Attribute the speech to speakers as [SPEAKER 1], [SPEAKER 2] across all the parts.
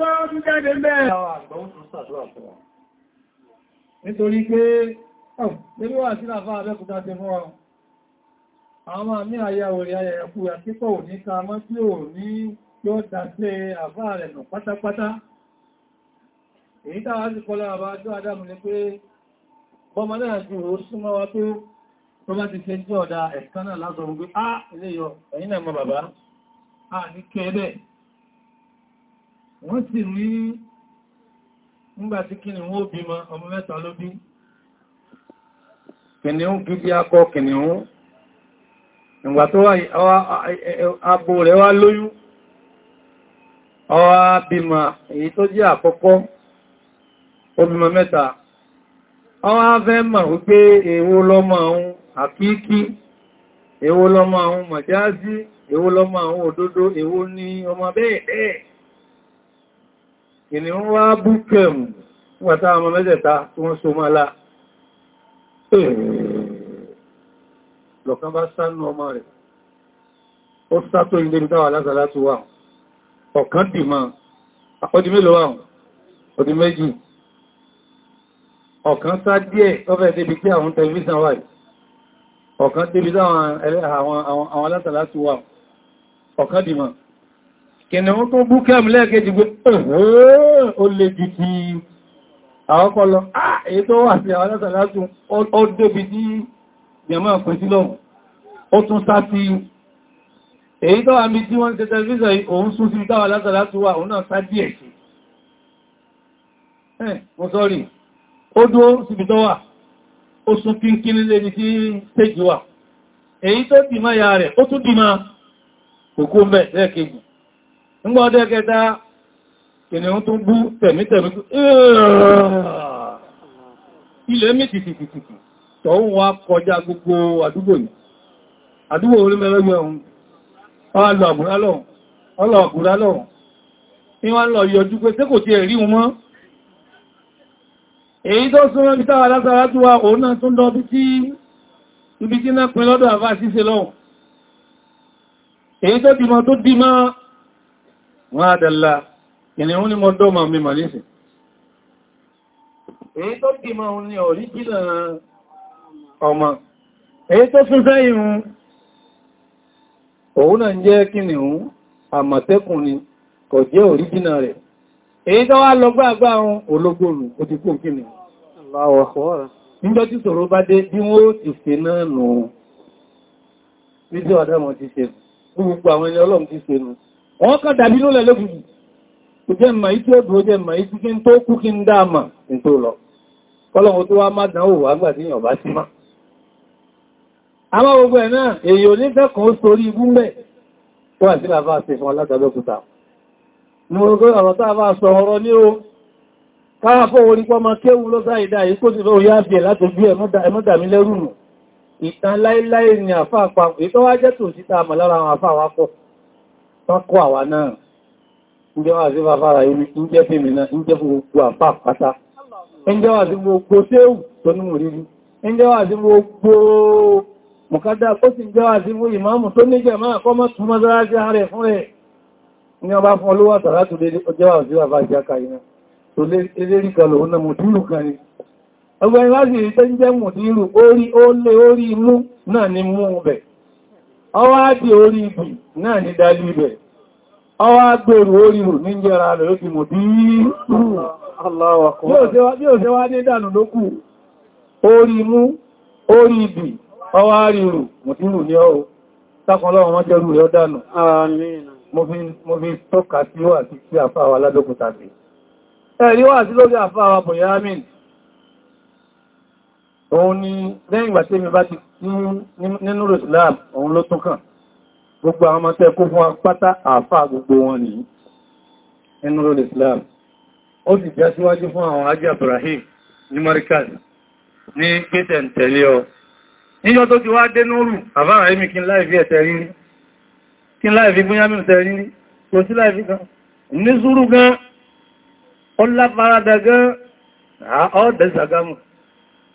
[SPEAKER 1] bá tún jáde mẹ́ nítorí pé pẹ̀lú wà sí àfá abẹ́kúta ti fún ọrùn àwọn máa ní àyà orí ayẹ̀yẹ̀kú àtípọ̀ ò ní ká mọ́ tí ò ní tí dáṣẹ́ àfá rẹ̀ nù pátápátá èyí táwà sí kọlá àbá tó adámù pé bọ́mọ náà ní kẹ́ẹ̀dẹ̀ wọ́n sì rí nígbàtí kìnnì wọ́n ó bímọ ọmọ mẹ́ta ló bí kìnnìún gidi akọ kìnnìún ìgbà tó abo rẹ̀ wá lóyún ọwá bímọ èyí tó jẹ́ àkọ́kọ́ ó bímọ mẹ́ta ọwá fẹ́ mọ̀ wípé èwo lọ́mọ ohun àkíkí èwo lọ́mọ ohun mọ̀jáàzí èwo lọ́mọ ohun òdodo èwo ni ọmọ bẹ́ẹ̀ bẹ́ẹ̀ ìní wọ́n wá bú kẹ̀mù wàtá ọmọ mẹ́jẹ̀ta tí wọ́n so máa lá lọ̀kan bá sánú ọmọ rẹ̀ ó sátó ilé ní táwà lásàlá tó wà ọ̀kan dì máa ọdí mélòó àwọn ọdí méjì ọ̀kan sá díẹ̀ ọfẹ́ débi pé àwọn tẹlifíṣàn wà ọ̀kan débi táwọn àwọn alásàlá tó wà ọ̀kan dì máa kìnnà wọ́n tó bú kẹ́m lẹ́ẹ̀kejì gbé ó lè jù ti àwọn kọlọ ah, èyí tó wà sí àwọn alásàlátù ó débi tí jẹmọ́ pẹ̀sí lọ́wọ́ ó tún sá sí èyí tó wà mí tí wọ́n tẹ́ tẹ́lifíṣọ̀ òun sún sí táwọn alásàlátù wà òun òkú mẹ́ lẹ́ẹ̀kejì Nígbà ọdẹ́ kẹta, kìnnìún tún bú tẹ̀mítẹ̀mí ilẹ̀ mítìtìtìtì tọ́ ń wá kọjá gbogbo àdúgbò yìí. Àdúgbò orí mẹ́lẹ́gbẹ̀ ọ̀hún, ọlọ àbúrá lọ́wọ́, ọlọ àbúrá lọ́wọ́. Ní wá lọ yọjú pé tí kò ti ẹ̀rí wọn mọ́. Èyí tó súnmọ́ bí táwà látara tó wá òun náà tún lọ bí tí ibi tí náà pin lọ́dọ̀ àfáà síse lọ́wọ́. Èyí tó dìmọ̀ tó dìmọ̀ wọ́n àdàlá ìrìnrún ní mọ́dọ́mà mímọ̀ nísì èyí tó dìmọ̀ òun ni ọ̀ríjìnà ọmọ èyí tó fún sẹ́yìn òun náà jẹ́ kìnnìún àmọ̀tẹ́kùn ni kò jẹ́ ọ̀ríjìnà rẹ̀ èyí tó wá lọ gbàgbà ohun ológbòrùn ó ti kún kìnnìún gbogbo àwọn ẹni ọlọ́run ti ṣe nù wọ́n kà dàbí ló lẹ́lẹ́kùn kò jẹ́ mà ìtí ọdún jẹ́ mà ìtí kí n tó kú kí n dáàmà ní tó lọ kọ́lọ̀wọ́ tó wá má dánwò wà gbà tí yàn bá sí má àmọ́ gbogbo ẹ̀ náà èyí ò ní fẹ́kàn ó sórí ibú mẹ́ tó wà sí bàbá àti fún alátàlọ́kùta ní orúkọ ọ̀rọ̀ tá a bá sọ ọ̀rọ̀ ní o káàfọ́ orí pọ́ ma kéwù ló sáà ìdá yìí kó sì ìtàn láíláí ni àfáà pa ìtọ́wájẹ́ tòsíta àmà lára àwọn àfáà pọ̀ wọ́n kó àwa náà ǹjẹ́ wà sí bàbára ilé ǹjẹ́ fèmì náà ǹjẹ́ fún gbogbo àpá àpáta ǹjẹ́ wà sí gbogbo séwù tó ní mòrírí ǹjẹ́ wà sí gbogbo mọ̀kádá kó sì ǹjẹ́ wà sí gbogbo ìmáàmù tó ní jẹ̀má kọ́ mọ́ tún mọ́ sára sí ààrẹ fún rẹ̀ ní ọba fún olówó àtàrà tó lé ọjọ́ wà sí bàbá ìjáka iná tó lé eléri kan lòun náà mòdúrù kan ni ọgbẹ́ ìwádìí tó ń jẹ́ mòdúrù orí ọwá dì orí ibì náà ní dájú ibẹ̀ ọwá gbèrú orí rò ní jẹ́ra rẹ̀ ó ti mọ̀ bí bí ó ṣe wá ní dànù lókù orí mú orí ibì ọwá rírù mọ̀tírù ní ọ́ sákanlọ́wọ́ wọ́n jẹ́rù rẹ̀ dànù mo fi tọ́ka sí wà sí àfáà wa òun ni lẹ́yìn ìgbà tí mi bá ti nínú Islam òun ló tún kàn gbogbo àwọn ọmọtẹ́ kó fún apáta àfà gbogbo wọn nìyí nínú Islam ó sì já síwájú fún àwọn ajé Ibrahim ní Marikaz ní gbẹ́tẹ̀ tẹ̀lé ọ níjọ́ tó ti wá dé nóòrù àbára èmi kí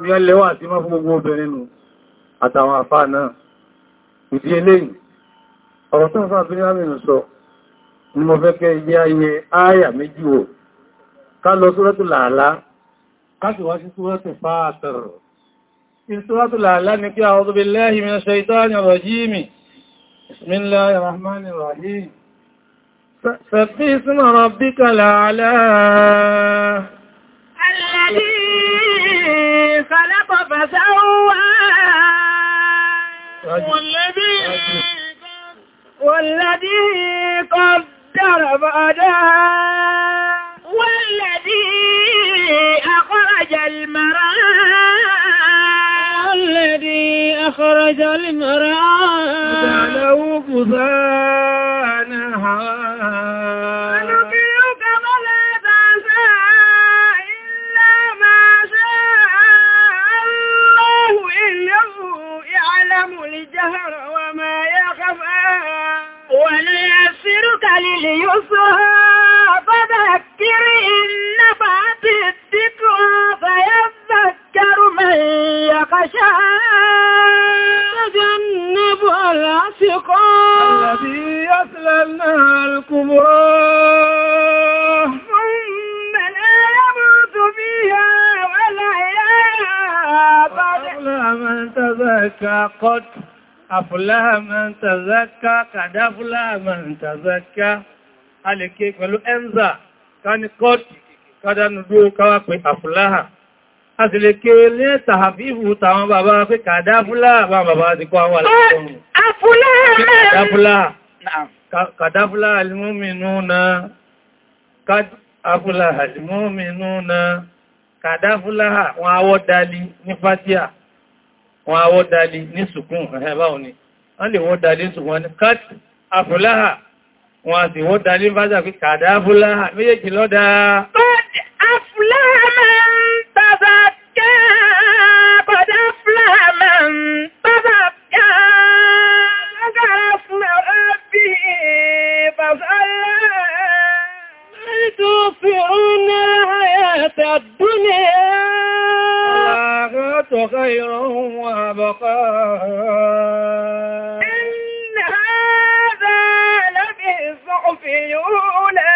[SPEAKER 1] ní ẹlẹ́wà tí mọ́ fún gbogbo obìnrin nù àtàwọn àfá náà ìdí eléyìn ọ̀rọ̀ tó ń fà bí lámìnà sọ ni mo fẹ́ kẹ́ iye ayé ááyà méjì wò ká lọ sórẹ́tù làálá ká sì wá sí sórẹ́tù fàátàrọ̀ sórẹ́tù làálá ni pé a'udhu فسوى والذي والذي قدر فأدى والذي أخرج المرأة والذي أخرج المرأة فجعله بطانها يعلم الجهر وما يخفى وليسرك لليسرى فذكر إن نفعت الذكرى فيذكر من يخشى تجنبها العشقى الذي يصلى النار الكبرى من تزكى قد أفلح من تزكى قد أفلح من تزكى alèké pẹ̀lú ẹ́nzà káni kọ́ọ̀tì kádánù dúró káwà pé àfúláhà a sì lè kéré ní tàhàbíhù tàwọn bàbá pé kàdá bá bàbá ti kọ́ àwọn alẹ́kọ̀ọ́rùn kàdá fúláhà wọn awọ́ dalí ní sùkún ẹ̀báwọn ni wọ́n lè wọ́n dalí sùkún ní kat afúláhà wọn a sì wọ́n dalí fásà pé kàdá afúláhà méjèèjì lọ́dá Fàfàlá تؤثرون الحياة الدنيا والآخرة خير وأبقى إن هذا لفي الصحف الأولى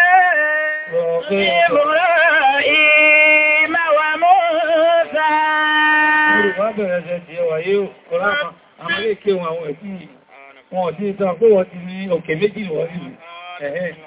[SPEAKER 1] إبراهيم وموسى Àwọn ilé kí wọn àwọn ẹ̀kí wọn ò ìta pé wọ́n ti ní òkè méjì wọ́n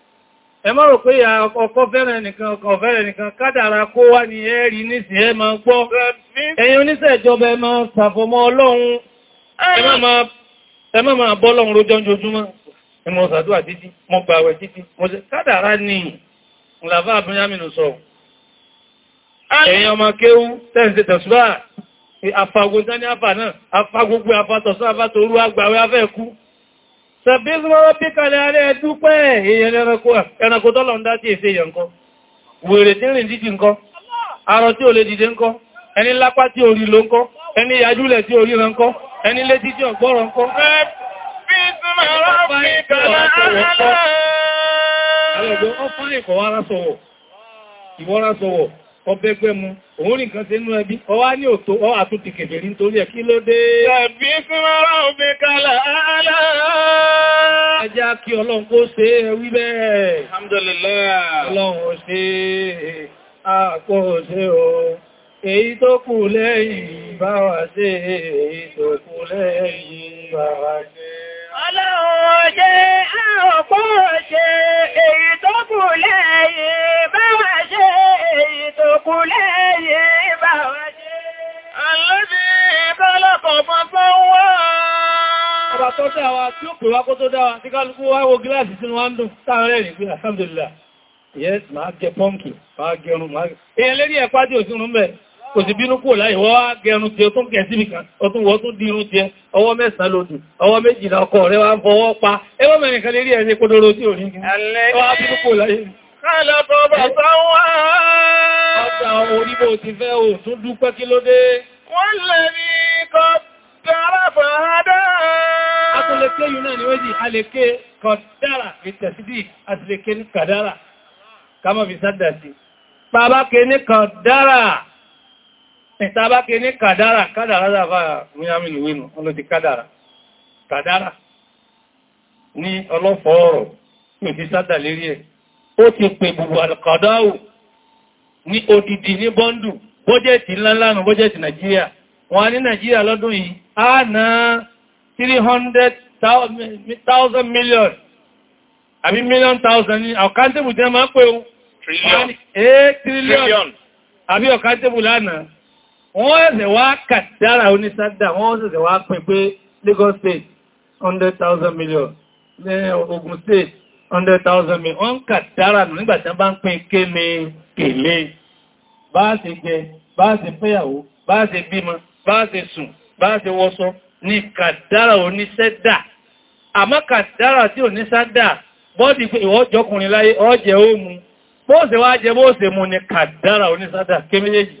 [SPEAKER 1] ẹ má rò pé ọkọ fẹ́rẹ̀ nìkan ọkọ fẹ́rẹ̀ nìkan kádàrà kó wá ní ẹ̀rí nísìn ẹ máa gbọ́ ẹ̀yin oníṣẹ́jọba ẹ máa ṣàfọmọ́ ọlọ́run ẹ má máa bọ́ ọlọ́run rójọ́ ojoojúmọ́ ẹ mọ́ ṣàdúrà títí mo gbààwẹ̀ títí mo ṣe kádàrà ní ìlàfà abúnyámìnù sọ ẹ̀yin ọmọ kéwú tẹ́ǹsẹ̀ tẹ̀sùbà afagun tán ní afa náà afagbogbo afatọ̀sán afatoru agbàwẹ̀ afẹ́ẹ̀kú Sàbísmọ́ bí kalẹ̀ alẹ́ ẹ̀dúpẹ́ èèyàn ẹranko tọ́lọ̀ ń dá tí èsè èèyàn kan, wèrè tí ń rìn dídì nǹkan, arọ tí ò lè dìde nǹkan, ẹni lápá tí orí ló nǹkan, ẹni yajúlẹ̀ tí orí rán nǹkan, ẹni létí tí ọ̀gbọ́rọ̀ nǹkan. Sàbísmọ́ ọbẹ́gbẹ́ mu òun rí nǹkan ṣe nínú ẹbí ọwá ní òtò ọ àtúntì kèfèrí nítorí ẹ̀ kí ló dé ẹ̀bí fún ara òbí kalẹ̀ ààlá ajá kí ọlọ́run kó ṣe ẹwí bẹ́ẹ̀ ọlọ́run ó ṣe àpò ṣe o èyí tó kù lẹ́yìn bá wa Ọlọ́run ṣe àpọ̀ ṣe èyí tó kù lẹ́yìn bá wà ṣe èyí tó kù lẹ́yìn bá wà ṣe. Àlọ́bí kọ́lọ́kọ̀ fọ́fọ́ wá. Ọba tó tẹ́ àwa tí ó pè wá kó tó Yes, máa jẹ pọ́ǹkì, máa jẹ ọrùn, máa jẹ kò sí bínú kúrò láyé wọ́n wá gẹrun tí ó tún kẹ̀ síbì kan ọtún wọ́n tún dírun tí ẹ ọwọ́ mẹ́sàn lòdì ọwọ́ méjìlá ọkọ rẹ̀ wá fọwọ́ pa ẹwọ́ mẹ́rin kan lè rí ẹni kódóró tí ò ní Atúnlẹ̀kẹ́ yìí náà ni wéjì, a lè ké kọ̀dára, ìtẹ̀sídì, àti lè ké ní kàdára, ká mọ̀ fi sádà sí. Bàbá ìtàbá kí ní kàdárà kàdárà dáfàà múyàmìlú wínú ọlọ́dí kàdárà kàdárà ní ọlọ́fọ́ ọ̀rọ̀ pèsè sádà lérí ẹ̀ ó ti pè gbogbo alkadáwò ní odidi ní bọ́ndù bọ́jẹ̀tì ńláńlánù bọ́jẹ̀tì Nàìjíríà wọ́n ní Nàìjíríà lọ́dún yìí á ná 300,000 million àbí million thousand ní àkántébù jẹ́ máa pé o trillion àbí ọ̀kántébù lánàá wọ́n ẹ̀sẹ̀ wá kàdára onísádà wọ́n ẹ̀sẹ̀ wá pín pé Lagos State 100,000 million ní Ogun State 100,000 million wọ́n kàdára nù nígbàtí wọ́n bá ń pín kéme kèlé bá ṣe jẹ bá ṣe péyàwó bá ṣe bímọ bá ṣe sùn bá ṣe wọṣọ ní kàdára onísádà àmọ́ kàdára tí onísádà bọ́dì pé ìwọ́jọkùnrin láyé ọjẹ́ ó mu bóòsẹ̀ wá jẹ bóòsẹ̀ mu ní kàdára onísádà kéméjèèjì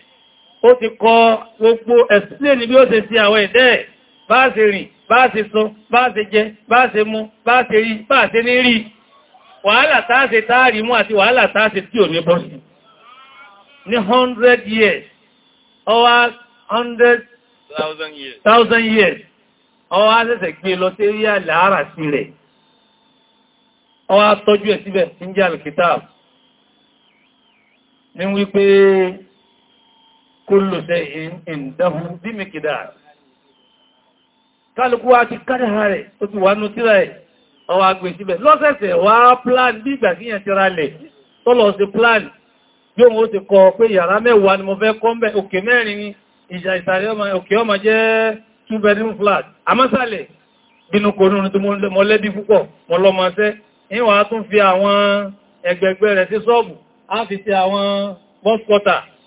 [SPEAKER 1] ó ti kọ gbogbo ẹ̀sìnlẹ̀ bí ó ṣe sí àwọn ẹ̀dẹ́ bá ṣe rìn bá ṣe sọ bá ṣe jẹ bá ṣe mu bá ṣe rí bá ṣe ní rí wàhálà táà ṣe táàrí mú àti wàhálà táà ṣe tí ò ní bọ́ sí ní 100 years ọwá 100,000 years thousand years ọwá ṣẹ̀ṣẹ̀ gbé lọ sí rí àlàárà sí rẹ̀ ọwá tọ́jú ẹ̀ síbẹ̀ ní jẹ́ alkitab ní wípé kullu shay'in indahu bi miqdar kálukú wa ti kádàá rẹ̀ ó ti wà nú tíra ẹ̀ ọwà agbè síbẹ̀ lọ́sẹ̀sẹ̀ wá plan bí ìgbà kíyàn tíra lẹ̀ tọ́lọ̀ sí plan bí òun ó ti kọ pé yàrá mẹ́wàá ni mo fẹ́ kọ́ mẹ́ òkè mẹ́rin ni ìjà ìsàrí òkè ọmọ jẹ́ two bedroom flat àmọ́sàlẹ̀ bínú kò nínú tí mo lẹ́bí púpọ̀ mo lọ́mọṣẹ́ ìwọ̀n a tún fi àwọn ẹgbẹ̀gbẹ̀ rẹ̀ sí ṣọ́ọ̀bù á fi sí àwọn bọ́skọ́tà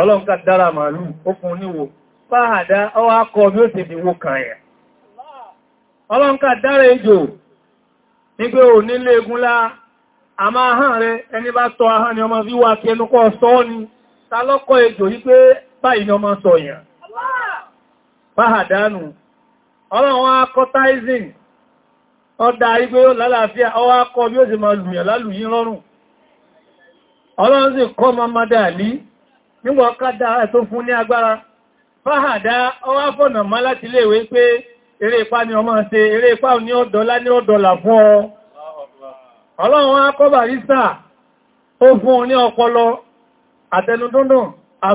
[SPEAKER 1] ọlọ́nkà dára màálù ókun níwò fáhàdá ọwá kọ bí ó ti di wó kan dára ejò nígbé ò nílé a máa hàn rẹ ẹni bá tọ ahán ni ọmọ wíwá kí ẹnu sọ ni ta lọ́kọ́ ejò wípé báyìí ni ọmọ sọ yàn ọlọ́run akọ ọdá igbé yóò lálàáfíà ọwá bí ó sì máa lùyàn lálùyìn ọlọ́run sì nígbà ọkádá ẹ̀tún fún ní agbára fáhàdá ọwá fọ̀nà má láti léèwé pé eré ipá ni ọmọ ṣe eré ipá ní ọdọ́lá ní ọdọ́là fún ọ ọlọ́run akọ́bà rísà ó fún ọ ní ọpọlọ àtẹnudúndùn ọ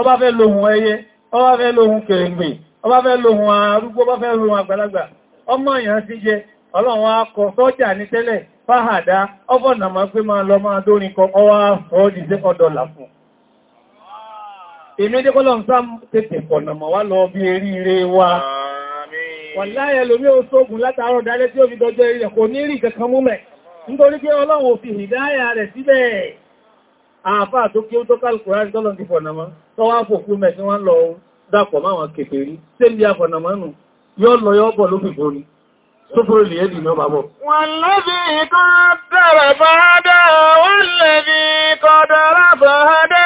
[SPEAKER 1] ọba fẹ́ lóhun ẹyẹ ọba fẹ́ lóhun kèrègbè ọba fẹ́ lóhun arúgbó ọba fẹ́ lóhun àgbàlagbà ọmọ èèyàn sí jẹ ọlọ́run akọ sọ́jà ní tẹ́lẹ̀ fáhàdá ọfọ̀nà máa pé máa lọ máa dórin kọ ọwá ọdí sí ọdọ́là fún èmi jẹ́ kọ́lọ̀ sá tètè pọ̀nàmọ̀ wá lọ bí eríire wa wọ́n láyẹ̀ lórí oṣogun látàárọ̀ dálẹ́ tí ó fi dọjọ́ ilẹ̀ kò ní rí kankan mú nítorí pé ọlọ́run òfin ìdáyà rẹ̀ síbẹ̀ àfá tó kí ó wọ́n lọ kọ́ dára fàádà wọ́n lẹ́bí kọ́ dára fàádà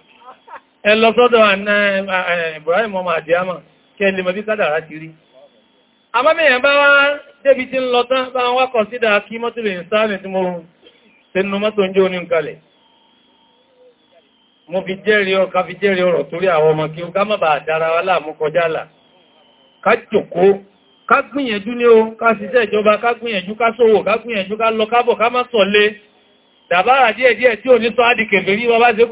[SPEAKER 1] ẹ lọ sọ́dọ̀ Ibrahim ọmọ àdíyàmà kí ẹ lè mọ̀ bí kádàrá ti rí àmọ́mìyàn bá wá débi tí ń lọ tán bá wá kọ̀ sídà kí mọ́tò lè sáàmì tí mo tẹnu mọ́tò ń jẹ́ oní nkalẹ̀ mo fi jẹ́rìí ọkà fi jẹ́rìí ọ̀rọ̀ torí àwọn ọmọ kí o ká má bàa dára wa láàmú kọjá là ká jòkó ká gbìyànjú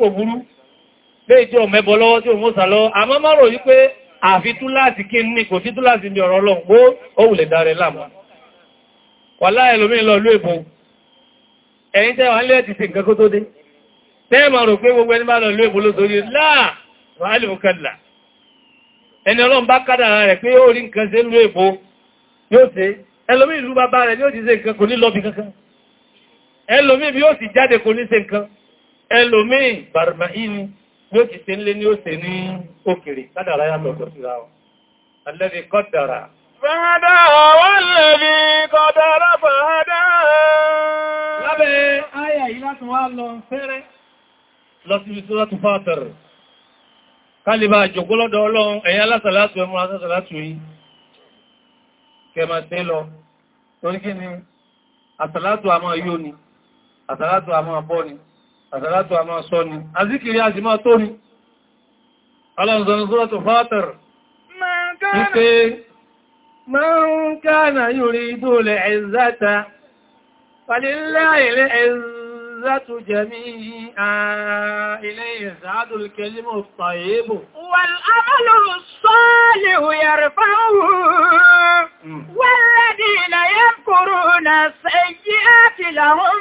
[SPEAKER 1] léè tí ò mẹ́bọ lọ́wọ́ tí ò mọ́sà lọ́wọ́ àmọ́ mọ́rọ̀ yí pé àfi túláàsì kí ní kò sí túláàsì ní ọ̀rọ̀ ọlọ́run pó òun lè darẹ̀ láàmú wà láì lómi lọ lú èbò ẹ̀yìn tẹ́ wà ń lẹ́ẹ̀tì sí nǹkan kó tó dé tẹ́ẹ̀mà rò pé gbogbo ẹni bá lọ lú èbò ló sórí láà wàhálì mùkànlá ẹni ọlọ́run bá ẹlòmí bí yóò sì jáde kò ní ṣe nǹkan ẹlòmí bàrùmà bí ó ti ṣe ń lé ní ó ṣe ní òkèrè kádàrá yàtọ̀tọ̀ síra ọ̀. alẹ́bí kọ́dàrá fẹ́hádá wọ́lẹ̀bí kọ́dàrá fẹ́hádá lábẹ́ ayà yìí láti wá lọ fẹ́rẹ́ lọ sí ibi tó látù fàtàrì kálíbà jòkó lọ́dọ̀ ọlọ́run ẹ̀yà lásàlátù ẹmú lásàlátù yìí kẹmàtẹ́ lọ torí kí ni àsàlátù àmọ́ yóò ni àsàlátù àmọ́ abọ́ ni àsàlátù a máa sọ ni azíkiri a sì máa tó ni alọ́nzọ́nzọ́ tó fátàr wípé man kana yuridu al-izzata falillahi al-izzata العزة جميعا إليه يسعد الكلم الطيب والأمل الصالح يرفعه والذين يذكرون السيئات لهم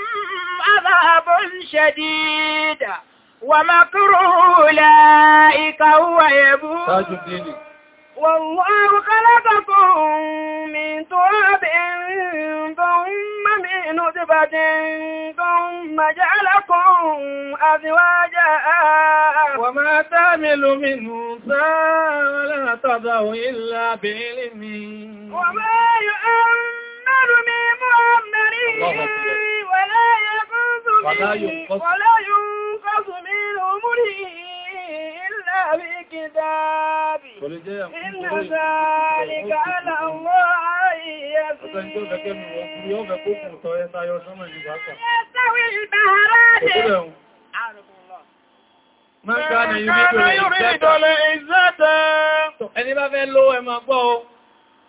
[SPEAKER 1] عذاب شديد ومكر أولئك هو يبور والله خلقكم من تراب ثم نطفة ثم جعلكم أزواجا وما تعمل من أنثى ولا تضع إلا بعلمه وما يؤمر من مؤمر ولا ينقص ولا ينقص من عمره إلا بكتاب إن ذلك على الله يستوي البهران من كان يريد العزة ẹni bá fẹ́ lówó ẹ máa gbọ́ o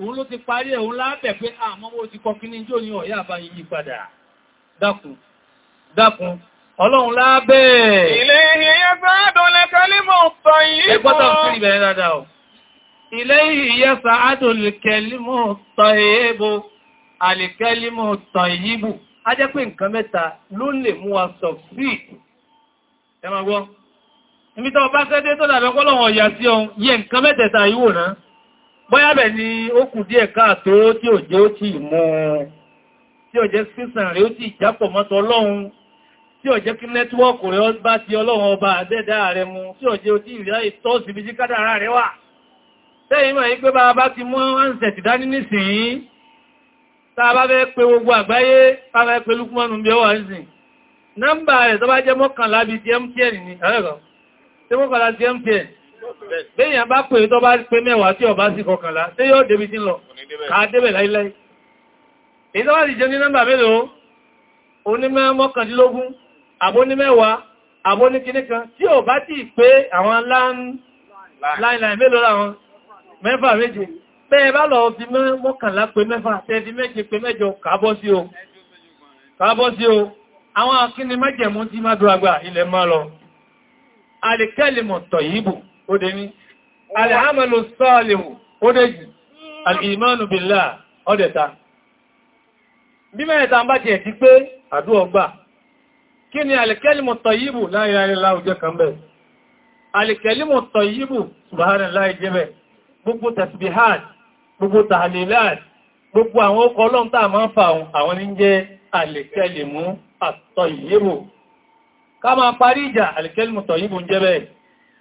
[SPEAKER 1] òun ló ti parí ẹ̀ òun lábẹ̀ pé àmọ́wó ah, ti kọ kí ní jò ní ọ̀yá àbá yìí padà dákun dákun ọlọ́run lábẹ̀ ilé ìyẹ́ sáádùn lẹ́kẹ́límọ̀ ọ̀tọ̀ yìí ẹgbọ́ta fún ìbẹ̀rẹ̀ o ilé ìyẹ́ sáádùn lẹ́kẹ́límọ̀ ọ̀tọ̀ èébò a jẹ́ pé nǹkan mẹ́ta ló lè mú wa sọ fíìtì ẹ máa gbọ́ níbi tó bá kẹ́dé tó dàbẹ́kọ́ lọ́wọ́ ọ̀yà sí ọ yẹ nǹkan mẹ́tẹ̀ẹ̀ta yíwò náà bọ́yábẹ̀ ni ó kù díẹ̀ káàtó tí ò jẹ́ ó ti mú tí ò jẹ́ sísàn rẹ̀ ó ti jápọ̀ mọ́tọ̀ ọlọ́run tí ò jẹ́ kí nẹ́tíwọ́ọ̀kù rẹ̀ bá ti ọlọ́run ọba àdẹ́dà rẹ̀ mu tí ò jẹ́ ó ti ìrẹ́ ìtọ́sí bí kádàrá rẹ̀ wà tẹ́yìn mọ̀ yí pé bá bá ti mú ánsẹ̀tì dání nísìnyí tá bá fẹ́ pé gbogbo àgbáyé tá fẹ́ pé lúkúmọ́nù bí ọwà nísìn nọ́mbà rẹ̀ tó bá tí Béèyàn bá pè tó bá pé mẹ́wàá tí ọba sí kọkànlá, tí yóò débi tí lọ, ká débẹ̀ láíláí. Èyí tó wá ti jẹ ní nọ́mbà mélòó, onímẹ́ mọ́kàndínlógún, àbónímẹ́wàá, àbóníkíníkan, tí ò bá ti pé àwọn láìláì mélòó láwọn mẹ́fà méje. Bẹ́ẹ̀ bá lọ fi mọ́kànlá pé mẹ́fà, tẹ́ẹ̀dì méje pé mẹ́jọ kàábọ́ sí o. Kàábọ́ sí o. Àwọn akíni mẹ́jẹ̀mú tí má dúragbà ilẹ̀ máa lọ. Àlèkẹ́lìmọ̀ tọ̀ yìí ó dé ní alìhámàlù sọ́ọ̀lẹ̀hù ó dé jù alìmánù bílá ọdẹ̀ta bí mẹ́ta ń bá jẹ́ ti pé àdúọgbà kí ni alìkẹ́lìmù tọ̀yíbù láyé aláwùjẹ́ kan bẹ̀ alìkẹ́lìmù tọ̀yíbù subhanahu láyé jẹ́bẹ̀ gbogbo tasbihat gbogbo tahlilat gbogbo àwọn ọkọ̀ ọlọ́run tàà máa ń fa ká máa parí ìjà alìkẹ́lìmù tọ̀yíbù ń jẹ́bẹ̀ẹ́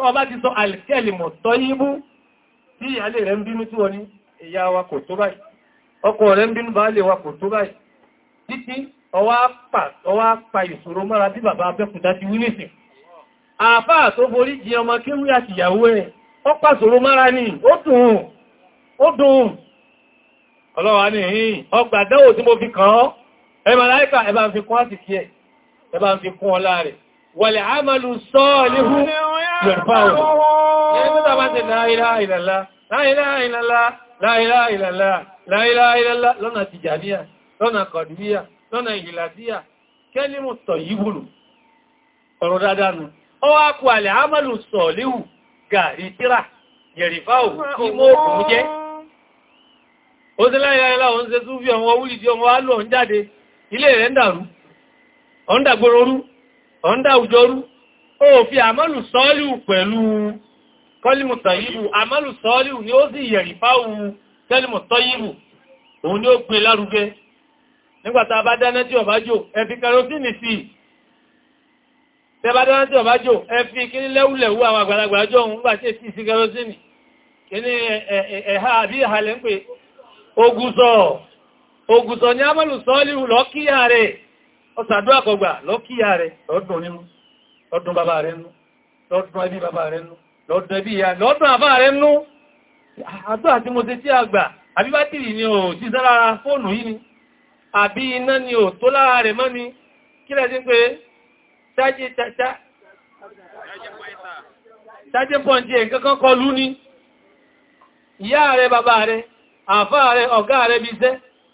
[SPEAKER 1] tó ọba ti sọ alkẹ́lìmọ̀ tọ́ yíbú tí ìyálé rẹ̀ ń bínú tí wọ́n ní ìyá wa kò tó báyìí ọkọ rẹ̀ ń bínú báálé wa kò tó báyìí títí ọwá pa ìṣòro mọ́ra bí bàbá abẹ́kùta ti wílìsì àfáà tó borí jẹ ọmọ kéwú àti ìyàwó ẹ̀ ó pàṣòro mọ́ra ní ó dùn ó dùn ọlọ́wà ní ọgbàdẹ́wò tí mo fi kàn ọ́ ẹ̀mà láìka ẹ̀bà ń fi kún àsìkí ẹ̀ ẹ̀bà ń fi kún ọlá rẹ̀ wàlẹ̀ àmàlù sọ́ọ̀lẹ́hù yọ̀rọ̀fáwọ̀ lọ́nà tìjàníyà lọ́nà kọ̀díyà lọ́nà ìhìlàdíyà kẹ́lìmù tọ̀ yí wùlù ọ̀rọ̀ dáadánu ó wá kú àlẹ̀ àmàlù sọ̀ọ̀lẹ́hù gàrí tíra yẹ̀rìfáwọ̀ kí mọ́ òkùn jẹ́ ó sí láyé láyé láwọn ṣe súnfí ọmọ wúlì ọmọ wá ń jáde ilé rẹ̀ ń dàrú ọ̀ ń dàgbòrò rú ọ̀ndà òjòrú ó fi àmọ́lù sọ́ọ́lù pẹ̀lú kọlìmù tọ̀yìbù àmọ́lù sọ́ọ́lù ni ó sì yẹ̀rì fáwù kẹlìmù tọ́yìbù òun ni ó gbé lárugẹ nígbàtà bá dáná tí ọba jò ẹ fi sí tẹ dáná tí ọba jò lẹ́wùlẹ̀wù àwọn àgbàlagbà jọ òun gbà sí kí ọ̀sàdó àkọgbà lọ́kíyà rẹ̀ lọ́dún nínú lọ́dún bàbá rẹ̀ nú lọ́dún ẹbí bàbá rẹ̀ nú lọ́dún ẹbí ìyá lọ́dún àbá rẹ̀ nú àdó àti mo ṣe tí àgbà àbí bátìrì ni ò sí sára fóònù yìí ni àbí iná ni ò tó lára rẹ̀ mọ́ ni kí lẹ́ ìyá rẹ̀ bàbá rẹ̀ àfá rẹ̀ ọ̀gá rẹ̀ bí iṣẹ́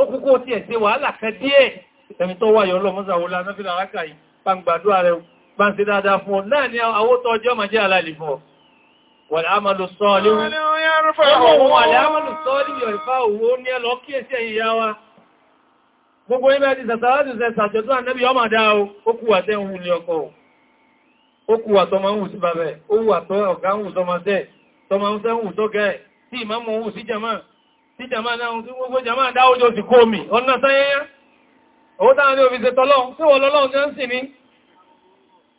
[SPEAKER 1] ó kú kó tí ẹ̀ sí wàhálà kan díẹ̀ ẹ̀mí tó wáyọ̀ ọlọ́mọ́sàwọ́lá náà fi làrákà yìí bá ń gbàdúrà rẹ̀ bá ń ṣe dáadáa fún ọ náà ni àwótọ́ ọjọ́ máa jẹ́ aláìlè fún ọ wàlámàlù sọ́ọ̀lú yọ̀rìfà owó ní ẹlọ kí èsì ẹ̀yìn ya wa gbogbo ibẹ̀ ti sàtàrádù sẹ sàjọ̀tún o ó kú wà tẹ́hùn ní ọkọ̀ ó kú wà tọmọ hùn sí bàbẹ̀ ó wà tọ́ ọ̀gá hùn tọmọ tẹ́ tọmọ hùn tẹ́hùn tó gẹ́ tí tí jàmá náà tí gbogbo jàmá dáwójó sì kó mi ọ̀nà sáyẹ́yá owó táwọn ní òfin ṣetọ́ lọ́wọ́ tí wọ́n lọ́lọ́wọ́ jẹ́ ń sì ní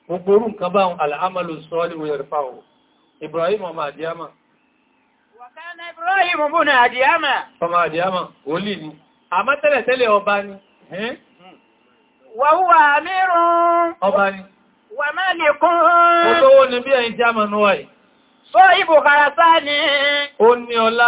[SPEAKER 1] gbogbo orú nǹkan bá al'amalu sọ́ọ́lì wẹ̀rẹ̀fàwò Ibrahim ọmọ àdíyàmà wàkánà Ibrahim ọmọ àdíyàmà ọmọ àdíyàmà wòlíì ni àmọ́ tẹ́lẹ̀tẹ́lẹ̀ ọba ni wàhúwà mírùn ọba ni wà máa lè kún ọlọ́wọ́ ni bí ẹ̀yìn jámà níwáyìí sọ ni ó ọlá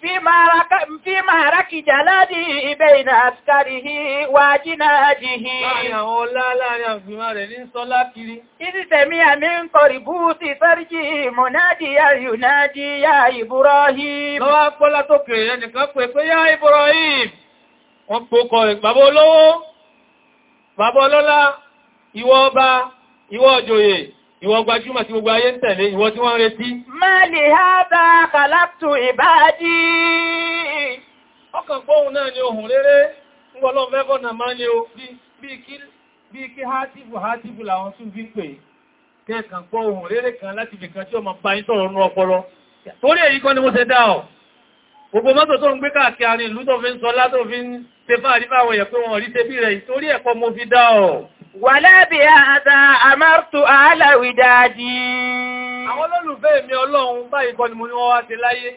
[SPEAKER 1] في معرك جلاده بين أفكاره وجناده إذ سمع من قربوس فرجه مناديا ينادي يا إبراهيم lọ́wọ́ apọ́lá tó kèrè ẹnìkan pè pé yá Ibrahim wọ́n pò kọ̀ bàbá olówó bàbá ọlọ́lá ìwọ ọba ìwọ ọjòyè ìwọ gbajúmọ̀ tí gbogbo ayé ń tẹ̀lé ìwọ tí wọ́n ń retí. Mẹ́lì hábà kàláptù ìbáàdì. Ọkàn gbóhùn náà ni ohun rere, ń gbọ́lọ́ mẹ́fọ́ máa ní o bí kí hátífù hátífù làwọn tún bí pè kẹ́ẹ̀kàn rere kan láti fi kan tí ọmọ bá ń sọ̀rọ̀ nú ọpọlọ. Torí èyí kan ni mo ṣe dá ọ. Gbogbo mọ́tò tó ń gbé káàkiri àrin ìlú tó fi ń sọ látò fi ń Wàlá bí àdá àmártù àálà wìdájì. Àwọn olólùfẹ́ mi ọlọ́run báyìí kọ́ ni mo ní wọ́n wá ti láyé.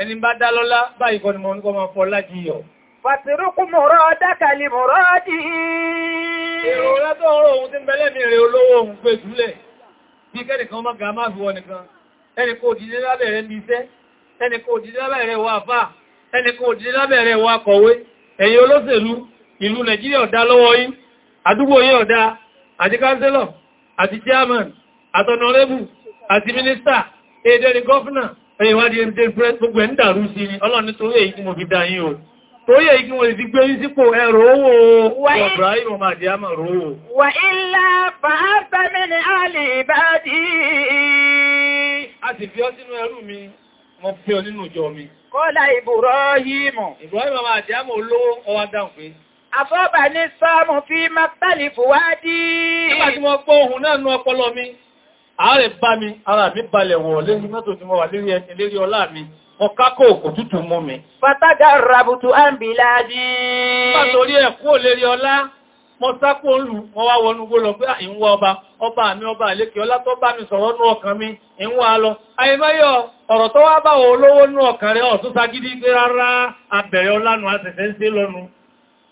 [SPEAKER 1] Ẹni bá dá lọ́lá báyìí kọ́ ni mo ní kọ́ máa fọ́ lájíyọ̀. Fàtírúkú mọ̀rọ̀ dákàlì mọ̀rọ̀ dì í. Èrò látọ̀ ọ̀rọ̀ ohun tí ń bẹ́lẹ̀ mi rẹ̀ olówó ohun pé jùlẹ̀. Bí kẹ́nìkan mọ́ gàá máa fi wọ nìkan. Ẹni kò dìde lábẹ̀rẹ̀ ní iṣẹ́. Ẹni kò dìde lábẹ̀rẹ̀ wà àdúgbò yẹ́ ọ̀dá àti kánsẹ́lọ̀ àti chairman àtọ̀nọ̀rẹ́bù àti mínísítà èdè ni gọ́fúnà ẹ̀yẹ̀wádìí gbogbo ẹ̀ sí ni ọlọ́ni torí èyí fi dá o
[SPEAKER 2] torí èyí tí
[SPEAKER 1] gbé sípò ẹ̀rọ owó owo. a fi Ibrahim ọmọ Àfọ́bà ní sọ́mù fi mọ́tàlì fòwádí. Nígbà tí wọ́n gbọ́ ohun náà nú ọpọlọ mi, ààrẹ bá mi, ara mi balẹ̀ wọ̀n lérí mẹ́tò tí mo wà lérí ọlá mi, wọ́n kákò òkò tútù mú mi. Fàtàgà ràbùtù àmbìláàdì. Nígbà torí ẹ̀ kúrò lérí ọlá, mo sápò ń lù wọ́n wá wọnú gbó lọ pé ìwọ́ ọba ọba àmì ọba àlékè ọlá tó bá mi sọ̀rọ̀ nú ọkàn mi ìwọ́ alọ àìmọ́yọ̀ ọ̀rọ̀ tó wá bá olówó nú ọkàn rẹ̀ ọ̀tún sagídí pé rárá abẹ̀rẹ̀ ọlánu àtẹ̀fẹ́ ń lọ́nu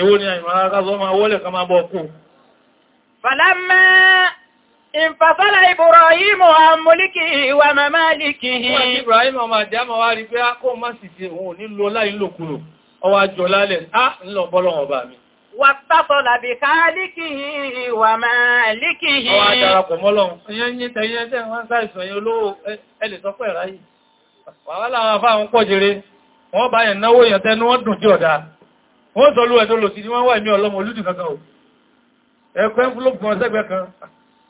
[SPEAKER 1] Èwo ni àìmọ̀ra kásọ́ máa wọ́lẹ̀ kan máa ah, ah, bọ́ kú. Fàlámà ìfàfàlà Ibrahim àmúlíkì ìwà màmálìkì hì. Wọ́n ti Ibrahim ọmọ àjámọ̀ wá ọwà jọ lálẹ̀, á ń yí tẹ̀yẹ́ tẹ́ wọ́n sáìsàn yẹn olówó ẹlẹ̀ ráyìí. Wàhálà àwọn afáwọn pọ̀ wọ́n sọ ló ẹ̀tọ́ lò sí ní wọ́n wà ní ọlọ́mọ olúdù kankan o ẹ̀kọ́ envelope kan sẹ́gbẹ́ kan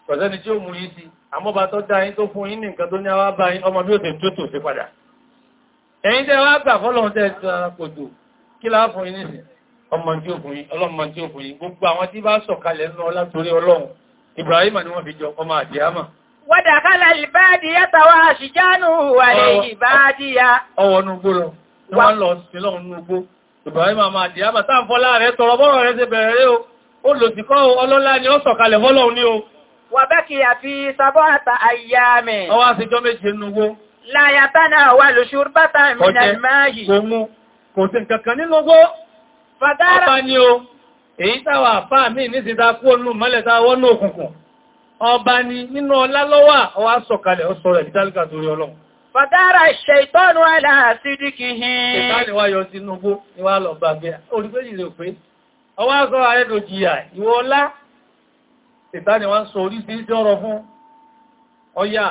[SPEAKER 1] pẹ̀sẹ́ni tí ó mú yí sí àmọ́bà tó dá yín tó fún yín ní nǹkan tó ní àwá bá yín ọmọ bí ó tẹ̀ tó tò sí padà ẹ̀yin tẹ́ wá gbà fọ́lọ́run tẹ́ kòtò kí láà fún yín nìsìn ọmọ tí ó fún yín ọlọ́mọ tí ó fún yín gbogbo àwọn tí bá sọ̀kalẹ̀ nínú ọlá torí ọlọ́run Ibrahim ni wọ́n fi jọ ọmọ àti àmà Wàdàkálà ìbáàdì yàtàwà àṣìjánù wà lè ìbáàdì ya. Ọwọ́nú gbó lọ, wọ́n lọ sí lọ́nà gbó. Ibrahim Ahmad Diaba tá ń fọ́lá rẹ̀ tọrọ bọ́rọ̀ rẹ̀ ṣe bẹ̀rẹ̀ o, ó lò sí kọ́ ọlọ́lá ni ó sọ̀kalẹ̀ fọ́lọ́un ní o. Wà bẹ́kì àfi sabọ́ta ayyámi. Ọwá sí jọ méje nugbó. Láyàtá náà wà lò ṣúrbátà mìíràn máa yìí. Kò mú, kò sí kankan nínú gbó. ni o, èyí táwà àfá mi ní ti ta kú ònú mọ́lẹ̀ ta wọ́nú òkùnkùn. Ọba ni nínú Fàdára ṣẹ̀tọ́nù aláàsídìkì hìn. Ìtàní wá yọ sí inúgbó ni wá lọ gbàgbé. Olùgbéjì lè pé, ọwá sọ àrẹ́dò jìyà, ìwọ ọlá, ìtàní wá ń sọ orí sí jọ́rọ fún ọya.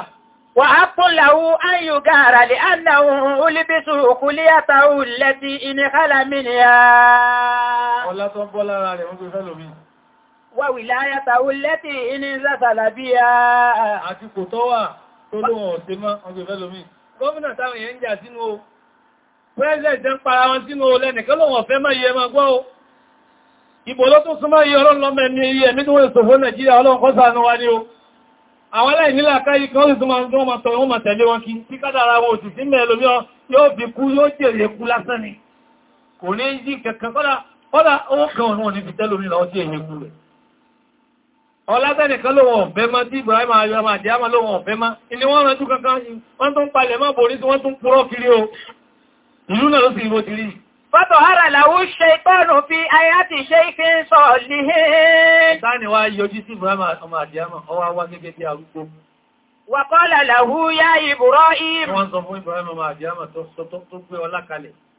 [SPEAKER 1] Wà á pọ̀ láwú áyùgá àrà lè ánàwùn olíbísù òkú léyàtàwù lẹ́tí iní kálàmìnìyà. Ọlá tó ń bọ́ lára rẹ̀ mú pé fẹ́ lómi. Wà Gómìnà táwọn èèyàn ń jà sínú o. President ń para wọn sínú o lẹ́nìkan lòun ọ̀fẹ́ máa yẹ máa gbọ́ o. Ìbò ló tún súnmọ́ iye ọlọ́run lọ́mọ ẹni iye ẹ̀mí tó wọ́n ìṣòfò Nàìjíríà ọlọ́run kọ́ sànú wa ni o. Àwọn aláìnílà káyí kan lè súnmọ́ ọdún ọmọ tọrọ ọmọ tẹ̀lé wọn kí tí kádàrà wọn òtù sí mẹ́lòmí yóò fi kú yóò jèrè kú lásán ni. Kò ní yí kẹ̀kẹ́ kọ́dà owó ọlátẹ́nìkan lóhun ọ̀fẹ́ mọ́ tí Ibrahim ayọ́mà àti àmà lóhun ọ̀fẹ́ mọ́ inú wọ́n rántú kankan wọ́n tún palẹ̀ mọ́ borí tí wọ́n tún púrọ́ kiri o ìlú náà ló sì ìbò ti rí fọ́tọ̀ hàrà làwú ṣe pọ́nù fi ayá ti ṣe ife sọ lìhẹ́ sáàni wá yọjú sí Ibrahim ọmọ àti àmà ọwá wá gẹ́gẹ́ sọ fún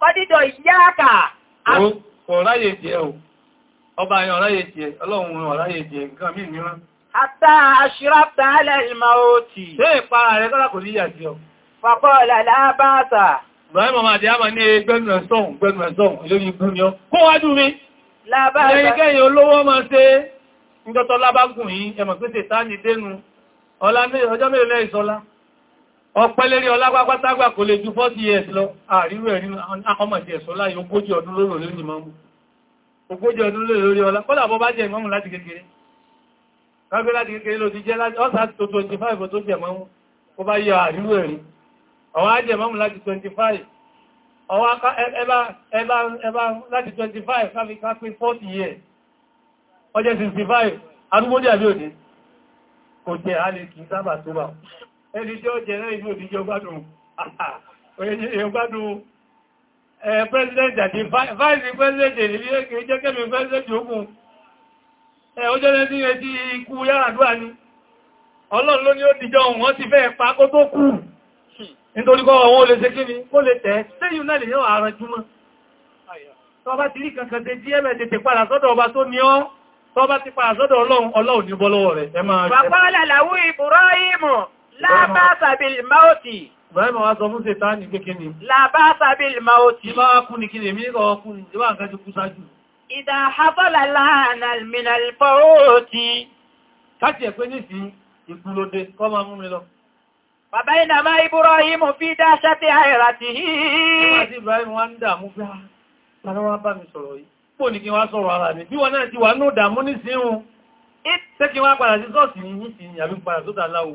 [SPEAKER 1] kọ́dídọ̀ ìyáàkà. Ọ̀ráyè jẹ́ o, ọba yẹn ọ̀ráyè jẹ́, ọlọ́run ọ̀ráyè jẹ́ nǹkan mí mìíràn. Àtà àṣírátà alẹ́ ìmọ̀ òtì. Ṣé ìpara rẹ̀ tọ́lá kò níyà sí ọ? Fàkọ́ ọ̀làlá bá sà. Bàbá ìmọ̀ màdì á máa ní gbẹ́nu ẹ̀sọ́hùn, gbẹ́nu ẹ̀sọ́hùn, lórí ibú ni ọ. Kó wájú mi. Lábára. Ẹyin kẹ́yìn olówó máa ṣe ń dọ́tọ́ lábágùn yìí, ẹmọ̀ pé ṣètá ní dénú. Ọlá ọjọ́ mélòó lẹ́yìn sọlá ọpẹ́ lérí ọlápápátágbà kò lè ju 40 years lọ àríwú ẹ̀rí ọmọdé ẹ̀sọ́ láyé ogójì ọdún lóró lórí mọ́mú ogójì ọdún lórí ọlá kọ́lá bọ́ bá jẹ́ ìmọ́mù láti kékeré kágbé láti kékeré ló ti jẹ́ ọ́sà tó 25 tó jẹ mọ́mú ó bá yọ àríwú ẹ̀rí ọwá jẹ mọ́mù láti 25 ọwá ẹbá láti 25 káfí kápé 40 years ọjẹ́ 65 arúgbó dẹ̀ àbí òdí kò jẹ́ àlè kìí sábà tó bá ẹni jọ jẹ́rẹ́ ìlú òdíjọ gbádùn president àti vice president ìlú ẹgbẹ̀rẹ̀ jẹ́kẹ́mì president ogun ọjọ́ lẹ́sí rẹ̀ tí ikú yáradúwà ni ọlọ́run ló ní ó dìjọ ohun wọ́n ti fẹ́ pa kó tó kú nítorí kọ́ wọn ó lè ṣe kíni kó lè tẹ́ sẹ́yìn náà lè yọ́ ààrẹ júmọ́ tọba ti rí kankan tẹ jí ẹ̀mẹ̀ tètè padà sọ́dọ̀ ọba tó ní ọ́ tọba ti padà sọ́dọ̀ ọlọ́run ọlọ́run ní bọ́lọ́wọ́ rẹ̀ ẹ máa bil mauti. Ibrahima wá sọ fún Sètáni pé kí ni? La ba'sa bil mauti. Ìbá kú ni kí ni, èmi nígbà ọkú ni, ìbá nǹkan ti kú sáájú. Ìdá hafọ́lá láàánà mìnà ìfọ́rọ̀tí. Káàkì ti wà ní wá padà sí sọ́ọ̀sì yìí nísìnyí àbí padà sódà láwo?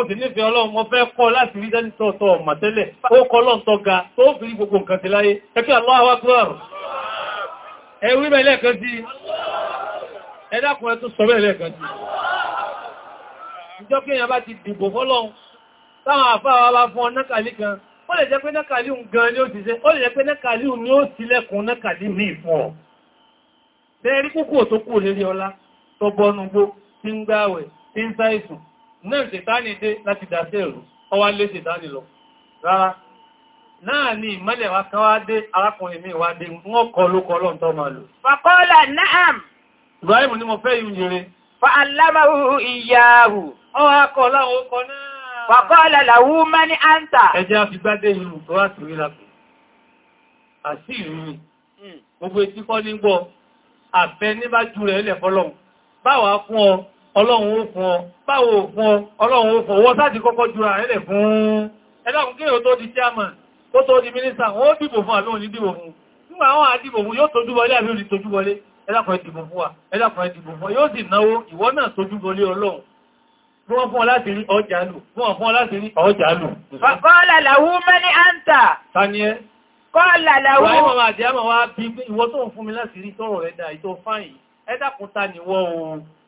[SPEAKER 1] ó sì nífẹ̀ẹ́ ọlọ́run mo fẹ́ kọ́ láti rí dání tọ́ọ̀tọ́ ọmọ tẹ́lẹ̀ ó kọ́ lọ́n tọ́ ga tó fi rí gbogbo nǹkan ti láyé ẹkẹ́ Allahu Akbar ẹwí bẹ̀lẹ̀ kan sí ẹdákùnrin tó sọ bẹ̀lẹ̀ kan sí ìjọ́ kí èèyàn bá ti dìbò fọ́lọ́run táwọn àfáà wá fún ọ nákàlí kan ó lè jẹ́ pé nákàlí ń gan ni ó ti ṣe ó lè jẹ́ pé nákàlí ni ó ti lẹ́kùn nákàlí míì fún ọ bẹ́ẹ̀ rí kókó tó kú lérí ọlá tọ́bọ́nugbó tí ń gbáwẹ̀ tí ń sáìsùn náà ṣètáni dé láti dàṣẹ́ ìrù ọwá lé ṣètáni lọ rárá náà ni ìmọ́lẹ̀ wa kan wá dé arákùnrin mi wá dé wọ́n kọ ló kọ lọ́n tọ́ máa lò fàkọ́lá náàm Ibrahim ni mo fẹ́ yìí jẹrẹ fa'allamahu iyyahu ọwá kọ láwọn orúkọ náà fàkọ́lá làwú mẹ́ni áńtà ẹjẹ́ afigbádé ìlú tó wá sí ọlọ́run ó fún ọ báwo fún ọ ọlọ́run ó fún ọwọ́ sáàtì kọ́kọ́ jura ẹlẹ̀ fún ẹlọ́run kí o tó di chairman ó tó di minister wọ́n ó dìbò fún àbí òní dìbò fún nígbà àwọn àdìbò fún yóò tójú wọlé àbí òní tójú wọlé ẹlọ́kùn ẹdìbò fún wa ẹlọ́kùn ẹdìbò fún yóò sì náwó ìwọ náà tójú wọlé ọlọ́run Wọ́n fún ọ láti rí ọjà lù. Wọ́n fún ọ láti rí ọjà lù. Kọ́ọ̀lá làwú mẹ́ni àǹtà. Ta ni ẹ́? Kọ́ọ̀lá làwú. Wọ́n ìmọ̀ àti àmọ̀ wá bí ìwọ tó ń fún mi láti rí tọ́rọ̀ rẹ̀ dà ìtọ́ fáyìí. Ẹ dákun ta ni wọ́n o.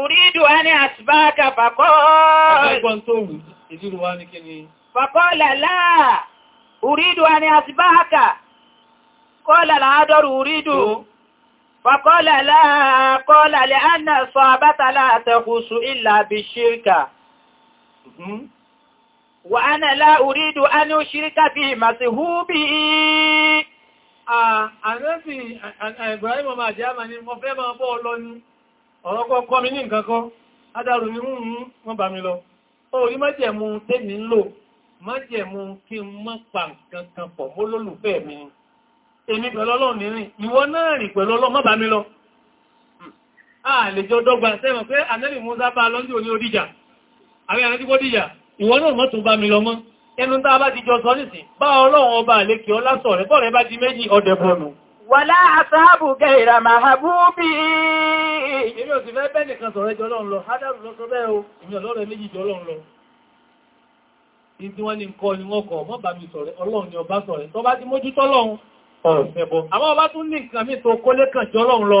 [SPEAKER 1] Orídù a ní àtìbáka fàkọ́. Ọgbọ́n tó wù, ìdíru wá ní kí ni? Fàkọ́ làlá, orídù a ní àtìbáka. Kọ́ làlá àádọ́rù orídù. Fàkọ́ làlá, kọ́ làlẹ́ àná sọ àbátàlá àtẹ̀kùsù ìlà bí ṣírkà. Wà á nà lá orídù a ní ṣírkà bí màsìhú i. Àrẹ́sì Ibrahim ọmọ àjẹ́ ni mo fẹ́ máa bọ́ ọlọ́ni ọ̀rọ̀ kọ́ kọ́ mi ní nǹkan kan adarò ní mún wọ́n bá mi lọ ó rí májẹ̀mú tèmi ń lò májẹ̀mú kí n mọ́ pa nǹkan kan pọ̀ mọ́ lólùfẹ́ mi èmi pẹ̀lú ọlọ́run nírìn ìwọ náà rìn pẹ̀lú ọlọ́run má bá mi lọ àlejò dọ́gba sẹ́wọ̀n pé anẹ́lì musa bá lọ́jọ́ ní odíjà àwọn ẹ̀rẹ́ díjà ìwọ náà mọ́ tún bá mi lọ mọ́ ẹnu tá a bá ti jọ sọ nísìn bá ọlọ́run ọba àlékè ọlá bọ́ọ̀rẹ́ bá di méjì ọdẹ wàlá àtàbù gẹ̀ẹ́rà máa ha bí i. Èmi ò sì fẹ́ bẹ́ nìkan sọ̀rọ̀ lọ́n lọ, Hádàrù lọ sọ bẹ́ẹ̀ o, èmi ọ̀lọ́rẹ̀ méjì jọ lọ́n lọ. Ìdí wọ́n ní nǹkan ni wọ́n kọ̀, mọ́ mi sọ̀rẹ́, Ọlọ́run ni ọba sọ̀rẹ́, tọ́ bá ti mójú tọ́lọ́run, ọ̀rọ̀ mẹ́bọ. Àwọn ọba tún ní mi kan jọ lọ,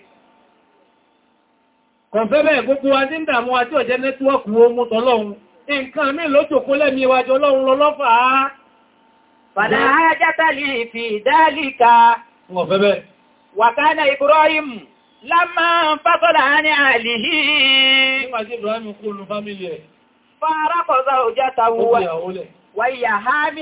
[SPEAKER 1] kọ̀nfẹ́bẹ̀ gbogbo wa ní ìdàmú wa tí ọ̀jẹ́ nẹ́tíwọ́kù ohun tọ́lọ́run nǹkan mí ló jòkó lẹ́mí iwájú ọlọ́run lọ lọ́fàá fàdá ajátàlì fi dálíkà wàkánà Ibrahim lámà fásọ́lá ní àlìhí fàrákọ̀ọ́sá òjá tàwúwà wà ìyà hámi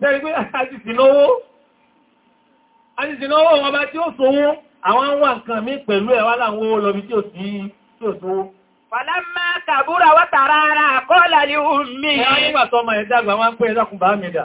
[SPEAKER 1] bẹ́ẹ̀ pé àti ìsinówó àti ìsinówó wọn bá tí ó sówó àwọn wà nǹkan mí pẹ̀lú ẹ̀wà láwọn olóbi tí ó sí tí ó sówó Fàlámá kàbúrà wátà rárá kọ́lá ní omi. Ẹ̀wọ́n nígbà tọ́mọ ẹ̀dàgbà wọ́n pẹ́ ẹ̀dàkùn bá mẹ́dà,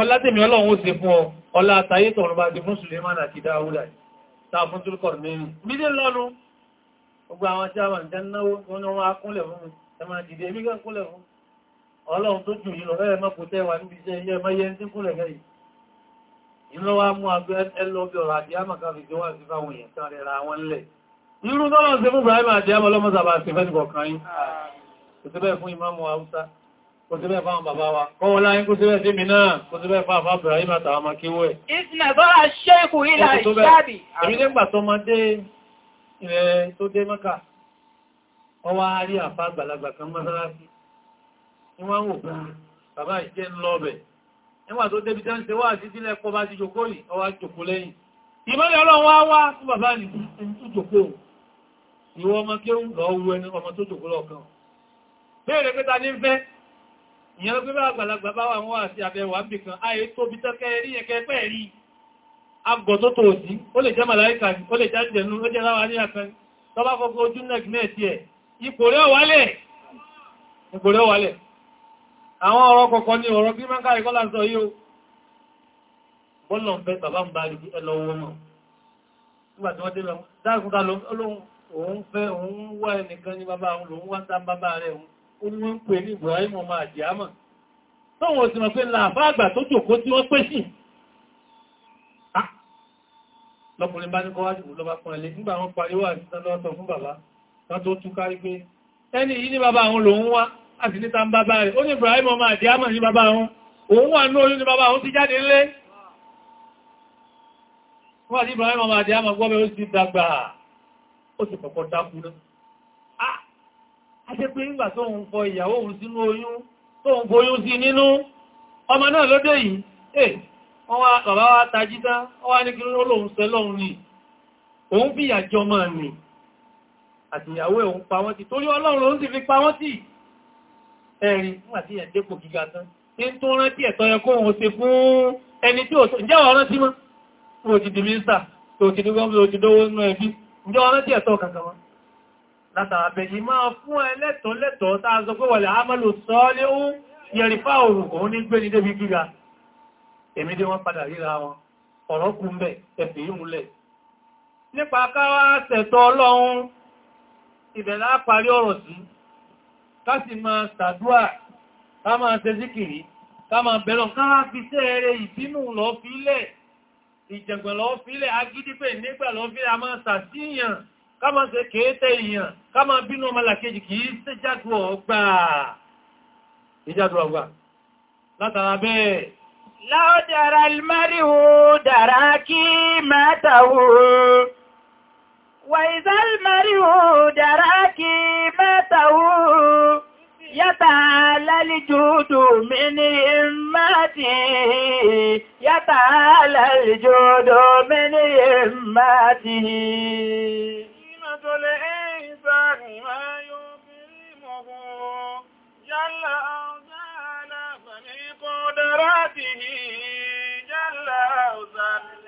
[SPEAKER 1] ọlá tèmi ọlọ́run ó ṣe fún ọ ọlá àtàyé tọ̀rọ̀ bá di fún Suleiman àti Dáúdà tàà fún túlùkọ̀ ní mídé lọ́nu gbogbo àwọn tí a wà ní jẹ́nnáwó wọn ni wọ́n akúnlẹ̀ fún mi ẹ máa dìde mí kẹ́ kúnlẹ̀ fún ọlọ́run tó jù yìí lọ ẹ má kò tẹ́ wà níbi iṣẹ́ ilé ẹmọ yẹn tí kúnlẹ̀ kẹ́ yìí iná wa mú agbẹ́ ẹlọ́bí ọ̀rọ̀ àti àmàkà fi jọwà sí fáwọn èèyàn tán rẹ̀ ra wọn lẹ̀ irú tọ́lọ̀ sí fún Ibrahim àti àmọ́ lọ́mọ́sàbà sí fẹ́ kò sí bẹ́ẹ̀ fáwọn bàbá wa kọ́wọ́ láyé kò sí bẹ́ẹ̀ sí mi náà kò sí bẹ́ẹ̀ fáwọn Ibrahim àtàwọn ọmọ kíwọ́ ẹ̀. ìsìnàbọ́ àṣẹ́kù ilà ìṣàbì. èmi nígbà tó máa dé ilẹ̀ tó dé Mẹ́kà wọ́n wá rí àfá àgbàlagbà kan mọ́sálásí ní wọ́n wò bá bàbá ìjẹ́ ń lọ bẹ̀ nígbà tó débi tán ṣe wá àṣíjílẹ̀ pọ́ bá ti jòkó yìí ọwá jòkó lẹ́yìn ìmọ́lẹ̀ ọlọ́run wá wá fún bàbá ní jòkó ìwọ ọmọ kéhùn lọ wu ẹni ọmọ tó jòkó lọ́kàn bẹ́ẹ̀rẹ̀ pẹ́ta ní fẹ́ ìyẹn pé bá àgbàlagbà bá wà wọ́n àti àbẹ̀wò àbìkan ayé tó bí tẹ́kẹ́ rí ẹkẹ́ pẹ́ rí agbọ̀ tó tó òdí ó lè jẹ́ màláìkà ó lè jẹ́ jẹ̀nú ó jẹ́ láwà ní àkan tó bá fọ́gbọ́ ojú nẹ́ẹ̀kì ẹ̀ ipò rẹ̀ wálẹ̀ àwọn ọ̀rọ̀ kọ̀kọ́ ní ọ̀rọ̀ bí mẹ́ká ìkọ́lá sọ yíò bọ́lọ̀ ń bẹ́ bàbá ń bá rí ẹlọ́wọ́ mọ̀ nígbàtí wọ́n dé lọ dákùnkà lóhun òun fẹ́ òun wá ẹnìkan ní bàbá òun lòun wá ń tá bàbá rẹ̀ òun wọ́n ń pè ní Ibrahim ọmọ àjíámọ̀ tóhun òsì mọ̀ pé láàfá àgbà tó jòkó tí wọ́n pè sí ah! lọ́kùnrin bá ní kọ́ wájú lọ́bá fún ẹlé nígbà wọn pariwo àìsàn lọ́tọ̀ fún bàbá wọ́n tó tún kárí pé ẹni yìí ní bàbá àwọn lòun wá àti níta ń bàbá rẹ̀ ó ní Ibrahim ọmọ àjíámọ̀ ní bàbá àwọn òun wà ní oyún ní bàbá àwọn ti jáde lé a ṣe pé ńgbà tó ń fọ ìyàwó òun sínú oyún tó ń foyún sí nínú ọmọ náà lóde yìí eh wọ́n wá bàbá wá tají tán wọ́n wá ní kí lóòrùn sẹ lọ́run ni òun fi ìyàjọ máa nì àtìyàwó òun pa wọ́n ti torí ọlọ́run ló ń ti fi pa wọ́n tì ẹ̀rin nígbàtí ẹ̀ dépò gíga tán ní tó rántí ẹ̀tọ́ yẹ kó òun ṣe fún ẹni tí ó jẹ́ ọ̀rán sí mọ́ látara bẹ̀yìn máa fún ẹ lẹ́tọ̀ lẹ́tọ̀ táa sọ pé wọlẹ̀ àmàlò sọ́ọ́lé ó yẹrìfà òrùn òun ní gbé ní débi gíga èmi dé wọ́n padà ríra wọn ọ̀rọ̀ kú mẹ́ ẹ̀fẹ̀ yìí múlẹ̀ nípa káwà tẹ̀tọ́ ọlọ́run ìbẹ̀lá parí ọ̀rọ̀ sí ká sì máa ṣàdúà ká máa ṣe síkìrí ká máa ṣe kéètẹ́ èèyàn ká máa bínú ọmọlàkejì kìí ṣe jádù ọgbà ìjádù ọgbà látara bẹ́ẹ̀ láọ́dára ilmáríhù dára kí mẹ́tàwó wàìzá ilmáríhù dára kí mẹ́tàwó yàtà lálìjúdù mi ní ìmáàtì yàtà lálìjúdù mi ní للإنسان ما يظلمه جل أوزان فمن قدراته جل أوزان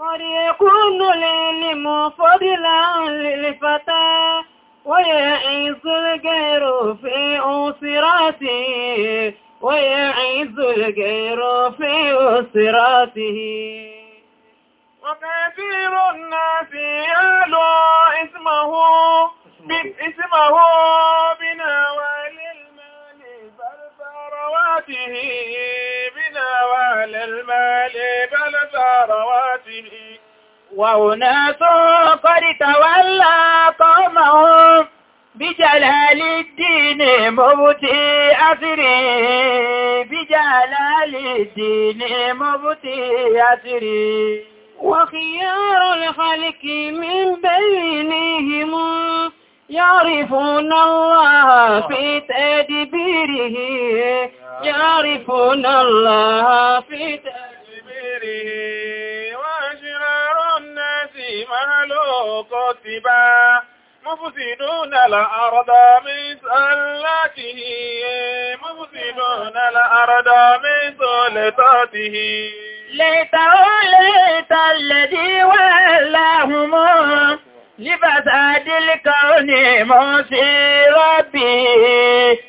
[SPEAKER 1] قد يكون العلم فضلا للفتى ويعز الغير في أسراته ويعز الغير في أسراته وكثير الناس يلو اسمه اسمه بنوال المال بل ثرواته بنوال المال بل ثرواته وأناس قد تولى قومهم بجلال الدين مبتي أسري بجلال الدين مبتي أسري وخيار الخلق من بينهم يعرفون الله في تدبيره يعرفون الله في تدبيره وأشرار الناس مهلوك اتباع مفسدون الأرض من سلاته مفسدون الأرض من سلطاته ليت وليت الذي ولاهم لفساد الكون موسي ربي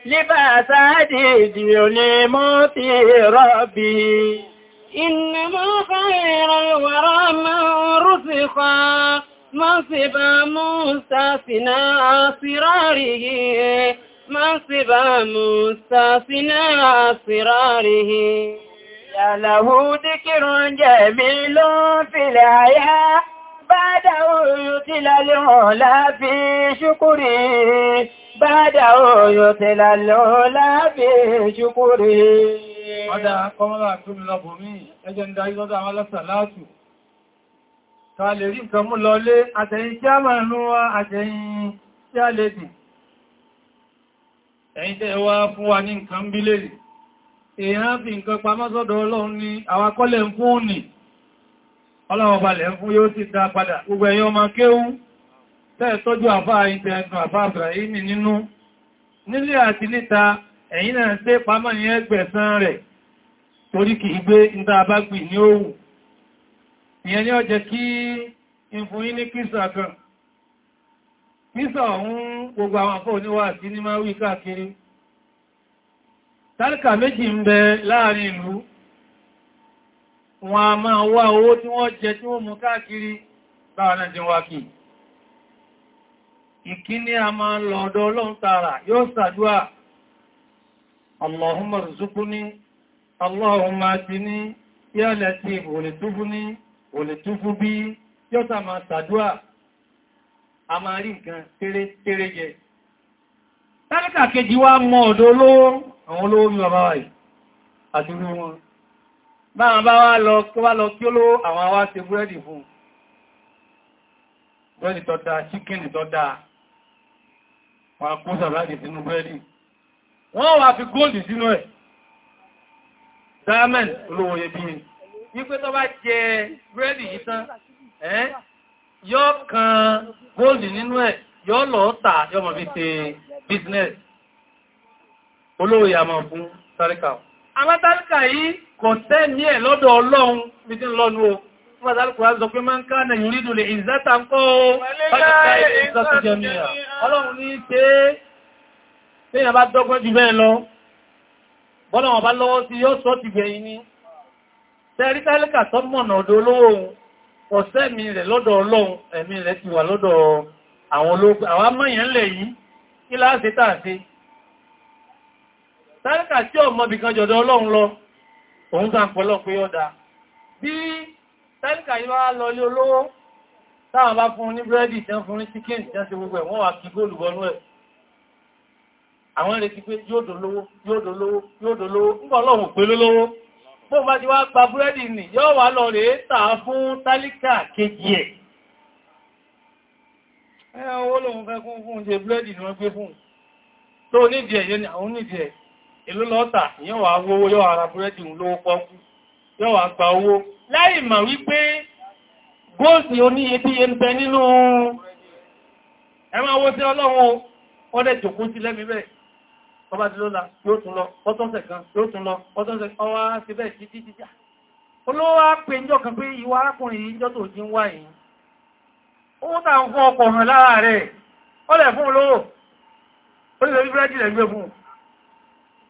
[SPEAKER 1] لفساد الدين موسي ربي إنما خير الورى من رسخا منصب مستثنى أسراره منصب موسى مستثنى أسراره له ذكر جميل في الحياة بعده يتلى العلا في شكري بعده يتلى العلا في شكري Adá kọmọ́lá àtúrù lọ́bùnmí ẹjẹ́ ń darí lọ́dọ̀ àwọn alásàlátù. Ta lè rí nǹkan mú lọlé àtẹ̀yìn tí a máa ń wá àtẹ̀yìn tí Ẹ̀yìn tẹ́ wá fún wa ní nǹkan bí lè èèyàn fi nǹkan pamọ́ sọ́dọ̀ ọlọ́run ní àwakọ́lẹ̀ ń fún òní ọlọ́run balẹ̀ ń fún yóò dá padà gbogbo ẹ̀yọ́ ọmọ kéhù tẹ́ẹ̀ tọ́jú àfáà ìtẹ̀ẹ̀kan níta ẹ̀yìn ọ̀hún gbogbo àwọn káàkiri tálíkà méjì ń bẹ láàrin ìlú wọn a máa wá owó tí wọ́n jẹ tí wọ́n mú káàkiri báwọn náà jẹ wá ìkíní a máa lọ ọ̀dọ̀ ọlọ́run tààrà yóò ṣàdúà Allahumma rzuqni Allahumma atini ya latif olètúfú bí yóò sà máa a máa rí nǹkan jẹ tálíkà kejì wá mọ́ ọ̀dọ̀ àwọn olówó mi bàbá wáyìí àti orí wọn báwọn bá wá lọ tó wá lọ kí ó lówó àwọn awá ṣe búrẹ́dì fún búrẹ́dì tó dáa ṣíkìnì tó dáa wọn kó sàbáàdì sínú búrẹ́dì wọ́n wà fi góòlì sínú ẹ̀ diamond olówó iyebíye ní pé tó bá jẹ búrẹ́dì yìí tán ẹ́ yọ́ kan góòlì nínú ẹ̀ yọ́ lọ́ọ́ta yọ́ mọ̀ fi ṣe business olówó ìyàmọ̀ fún sáríkà alátàríkà yìí kò tẹ́ ní ẹ̀ lọ́dọ̀ ọlọ́run bí tí ń lọ́nu o Fọ́sàlùkùnrin sọ pé máa ń ká nàìjírí rídù lè ìzẹ́ta ń kọ́ Ọlọ́run ní ṣe é, tí ìyàn bá dọ́gbọ́n jù bẹ́ẹ̀ lọ, bọ́nà wọn bá lọ́wọ́ sí yóò sọ́ ti gbẹ̀yìn ní. Tẹ́rí tálíkà tọ́ mọ̀nà ọ̀dọ̀ olówó ọ̀sẹ́mi rẹ̀ lọ́dọ̀ ọlọ́run, ẹ̀mí rẹ̀ ti wà lọ́dọ̀ àwọn ológun, àwọn amáyàn lẹ̀ yìí, tálíkà tí ọmọ bí kan jọ̀dọ̀ ọlọ́run lọ òun tàn pọ̀lọ́ pé ọ̀dá bí tálíkà yìí wá lọ lé olówó táwọn bá fún ní búrẹ́dì tán fún ní chicken tán ti gbogbo ẹ̀ wọ́n wà kí góòlù wọnú ẹ̀ àwọn retí pé yóò dolówó yóò dolówó yóò dolówó nígbà ọlọ́run pé lólówó bó bá ti wá gba búrẹ́dì nì yóò ni wọ́n gbé fún ẹ̀ ìlú lọ́ta yóò wà owó yóò ara búrẹ́dì lówó pọ́kú yóò wà gba owó láì mà wípé góòsì oníye tí ń bẹ nínú ẹmà owó tí ọlọ́run ó dẹ̀ jòkó sí lẹ́mi bẹ́ẹ̀ ọba tí ló la yóò tún lọ ọtọ́sẹ̀ kan yóò tún lọ ọtọ́sẹ̀ ọwá sí bẹ́ẹ̀ sí títí jà olówó á pè níjọ́ kan pé ìwà arákùnrin yìí níjọ́ tó jí ń wá yìí ó tà ń fún ọkọ̀ hàn lára rẹ̀ ó lẹ̀ fún olówó ó lè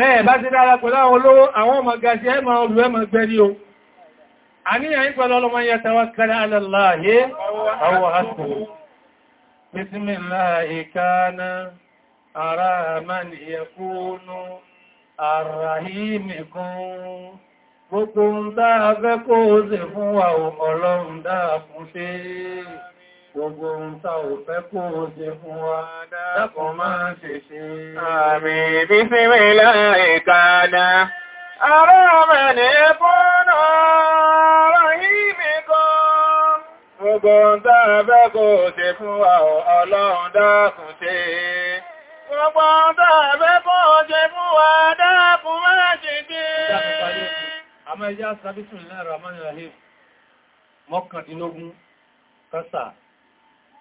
[SPEAKER 1] bẹ́ẹ̀ bá ti dára pẹ̀lú àwọn olówó àwọn ọmọ gajì ẹmà olù ẹmà gbẹ́rí o a ní àyí pẹ̀lú ọlọ́mọ yẹ tẹwà kẹrẹ alẹ́láàyé àwọ̀ àṣò bísmìláì ara mani ẹkúnú àràhìmìkún gbogbo ń dáa Gbogbo ohun tá ò fẹ́ kó o ṣe fún wa dákọ̀ máa ṣe ṣe. Àmì bí sí mi láì kàdá. Ará ọmọ ní fúnnà ọ̀rọ̀ yìí mi kan. Gbogbo ohun tá ò fẹ́ kó o ṣe fún wa ọlọ́run dákùn ṣe. Gbogbo ohun tá ò fẹ́ kó o ṣe fún wa dákùn máa ṣe ṣe.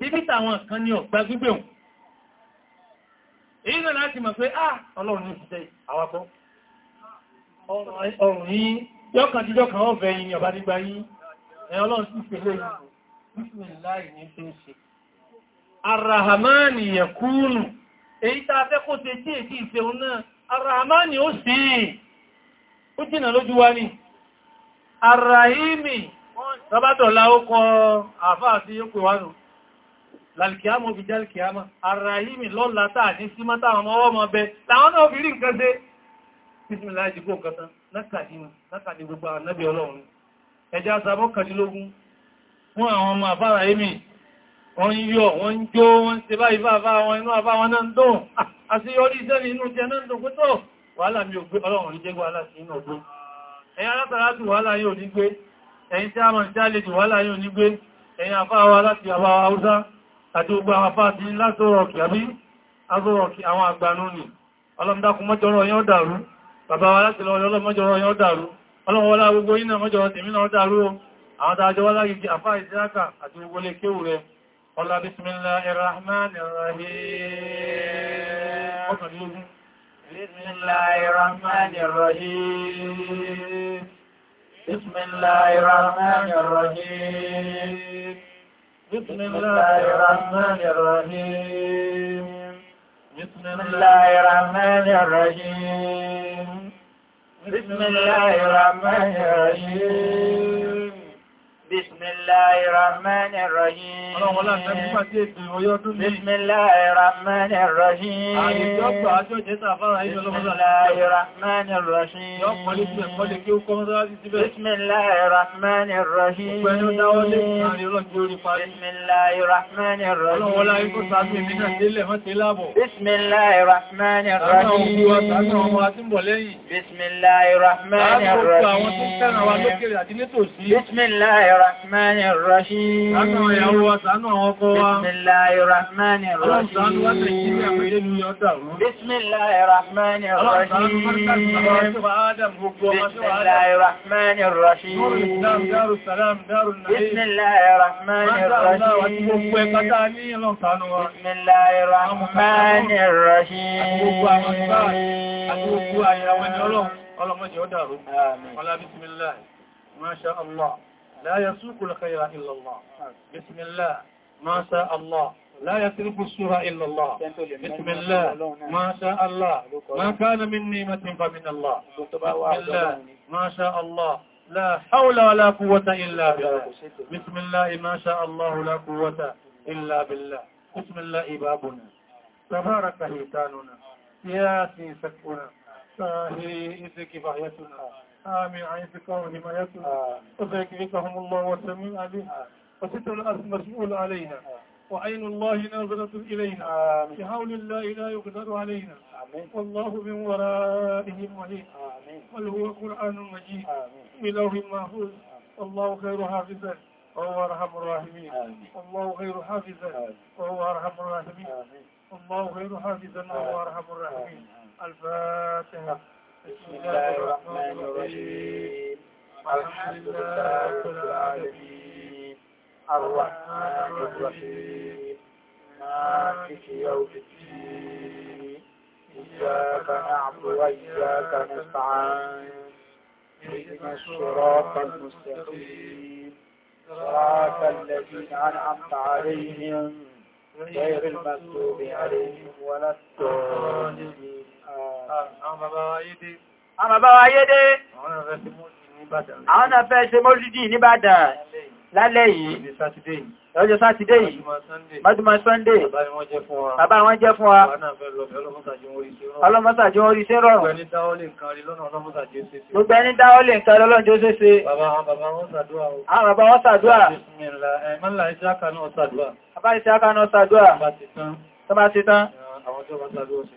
[SPEAKER 1] Títí tàwọn kan ní ọ̀gbá gbígbé òun. Èyí náà láti mọ̀ pé, ah, ọlọ́run ní ìṣẹ́ àwakọ́. Ọ̀rùn yìí, yọ́kàn jíjọ́ kan ọ̀fẹ́ yìí ni ọba nígbà yìí. Ẹ ọlọ́run sí ìpele yìí. Bísmìláì ní ṣe ń ṣe. Àràhàmánì yẹ̀kúnù. a fẹ́ kó ṣe tí èsì ìṣeun náà, àràhàmánì ó sì ó jìnà lójú wa ní. Àràhìmì, tọ́bátọ̀lá ó kọ àfáà sí yóò pè wánù lálìkìámọ̀ fi jálìkìámọ̀ ara yìí mi lọ́la táà ní símọ́ táwọn ọmọ ọmọ bẹ láwọn náà fi rí nǹkan dé bísmìlá ìdìbò nǹkan tán lákàdínà lákàdí gbogbo àwọn nábì ọlọ́run ẹjá sàbọ́ kàdínlógún fún àwọn ọmọ àbára èmì wọ́n yọ wọ́n jó wọ́n ṣe báyìí bàbá wọn inú àbá wọn náà ń dùn ah, àti yọrí iṣẹ́ ní inú jẹ náà ń dùn pútọ̀ wàhálà mi ò ní gbé ẹ̀yin tí a mọ̀ sí àlejò wàhálà yóò ní gbé ẹ̀yin àbá wa láti àbá wa àti gbogbo àwọn afá ti lásọ́rọ̀kì àbí azọ́rọ̀kì àwọn àgbànú ni ọlọ́mdákun mọ́jọ́rọ̀ yán dàrú bàbá wa láti lọ ọlọ́ mọ́jọ́rọ̀ yán dàrú ọlọ́wọ́lá gbogbo iná mọ́jọ́rọ̀ gbogbo بسم الله الرحمن الرحيم بسم الله الرحمن الرحيم بسم الله الرحمن الرحيم بسم Bismillahir Rahmanir Rahim. Ọlọ́run ọlá ìfẹ́ fún pàtí ètò ọyọ́dún ní. Bismillahir Rahmanir Rahim. Àìsí ọgbà àjọ́ ìjẹta fára ìjọlọ́mọ́lá. Bismillahir Rahmanir Rahim. Yọ́ pọ̀lé sí ẹ̀kọ́ lè kí ó kọ́ mọ́sá الرحمن الرحيم بسم الله الرحمن الرحيم بسم الله الرحمن الرحيم بسم الله الرحمن الرحيم بسم الله الرحمن الرحيم بسم الله الرحمن الرحيم Ọlọ́mọ́jẹ́ ó dàrú, ọlá bísmìlá, máṣá Allah. لا يسوق الخير إلا الله بسم الله ما شاء الله لا يترك السوء إلا الله بسم الله ما شاء الله ما كان من نعمة فمن الله بسم الله ما شاء الله لا حول ولا قوة إلا بالله بسم الله ما شاء الله لا قوة إلا بالله بسم الله بابنا تبارك هيتاننا سياسي سكنا
[SPEAKER 2] ساهي
[SPEAKER 1] اذكي كفايتنا آمين عينك وحمايتهم وذاكركهم الله وسميع عليهم وستر الأرض مسؤول عليها وعين الله ناظرة إلينا بحول الله لا يقدر علينا والله من ورائهم وليه بل هو قرآن مجيد بلوح محفوظ والله خير حافظا وهو أرحم الراحمين والله خير حافظا وهو أرحم الراحمين والله خير حافظا وهو أرحم الراحمين الفاتحة بسم الله الرحمن الرحيم الحمد لله رب العالمين الرحمن الرحيم مالك يوم الدين إياك نعبد وإياك نستعين اهدنا الصراط المستقيم صراط الذين أنعمت عليهم
[SPEAKER 2] غير المغضوب عليهم
[SPEAKER 1] ولا الضالين Àwọn bàbá ayédé. Àwọn bàbá ayédé. Àwọn náà fẹ́ ṣe mọ́lìdì ní Ìbàdàn. Àwọn náà fẹ́ ṣe mọ́lìdì ní Ìbàdàn lálẹ́ yìí lọ́jọ́ sátidé yìí mọ́júmọ́ sunday bàbá wọn jẹ́ fún wa ọlọ́mọ́sàjú orí sí rọrùn gbogbo ẹni dáwọ́ lè nǹkan rí lọ́nà ọjọ́ ṣeṣe bàbá wọn ṣàdúà bàbá ìṣẹ́ àkànà ṣàdúà tọ́bá ti tán àwọn ọjọ́ bá ṣàdúà ṣe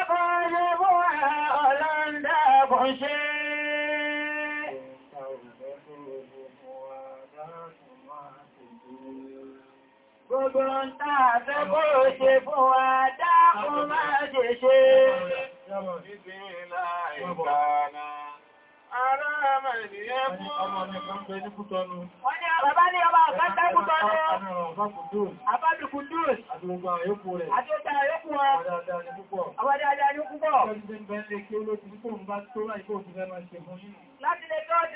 [SPEAKER 1] رفع Gbogbo ń táà fẹ́ kó ṣe fún wa dákùn máa ṣe ṣe. Ìbí bàbá ní ọba àgbàtà ní àbájú kùdùn àti ọgbà ẹ̀yọ́kù rẹ̀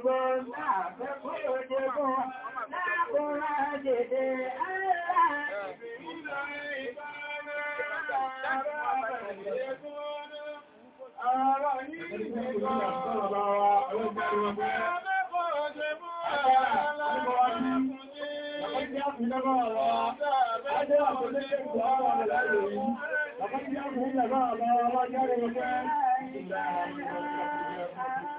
[SPEAKER 1] ọgbọ́ láàfẹ́ kó òjẹ́ bọ́ láàbọ̀ rájẹ̀dẹ̀ Ọ̀rọ̀ yìí ni ọ̀rọ̀ ọgbẹ̀rọ̀gbẹ̀ ọmọ ọjọ́ mọ́ àlàáfún ní ọjọ́ àpùlẹ́gbẹ̀rọ̀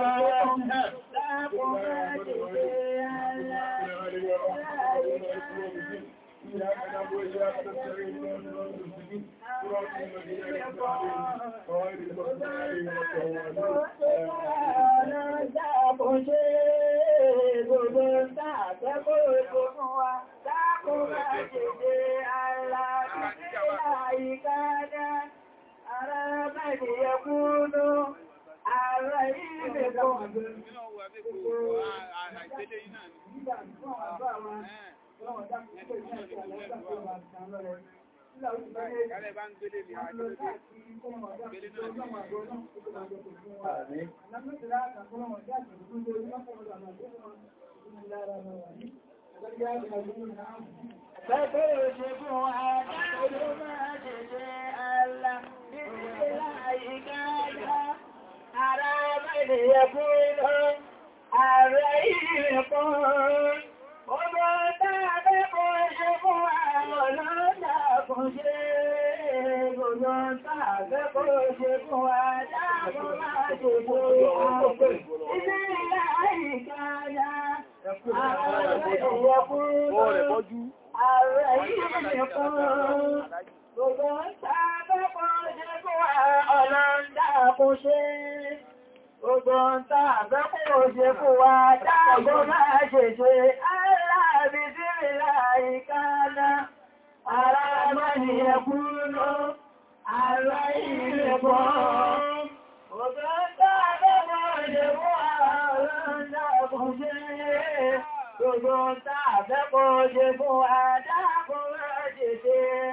[SPEAKER 1] Thank you. Bẹ́ẹ̀ ṣe fún àdájọ́ máa ṣe ṣe àlà nínú ìlàyíká ẹ̀dá. Ará mẹ́rin ẹkùn lọ, ààrẹ ìrìnkùn. Ọmọ dáadé kò ṣe fún àwọn lọ́dà kò ṣe gbogbo dáadé kò ṣe fún àdáàbò máa ṣe gbogbo ilé ìlà ìkàdá. Àwọn ìyẹ̀ fún ààrẹ yìí nìkan. Gbogbo dáadé kò ṣe fún àwọn lọ́dà kò ṣe Gbogbo ń ta àgbẹ́kùn òṣè fún wa dáàbò máa ṣe ṣe aláàbí sí ìlà ìkáná.
[SPEAKER 2] Ara mọ́ni ẹkú
[SPEAKER 1] ló, ara ilé pọ̀. Gbogbo ń ta àgbẹ́kùn òṣè fún wa dáàbò ṣe. Gbogbo ń ta àgbẹ́kùn òṣè fún wa dáàbò máa ṣe ṣe.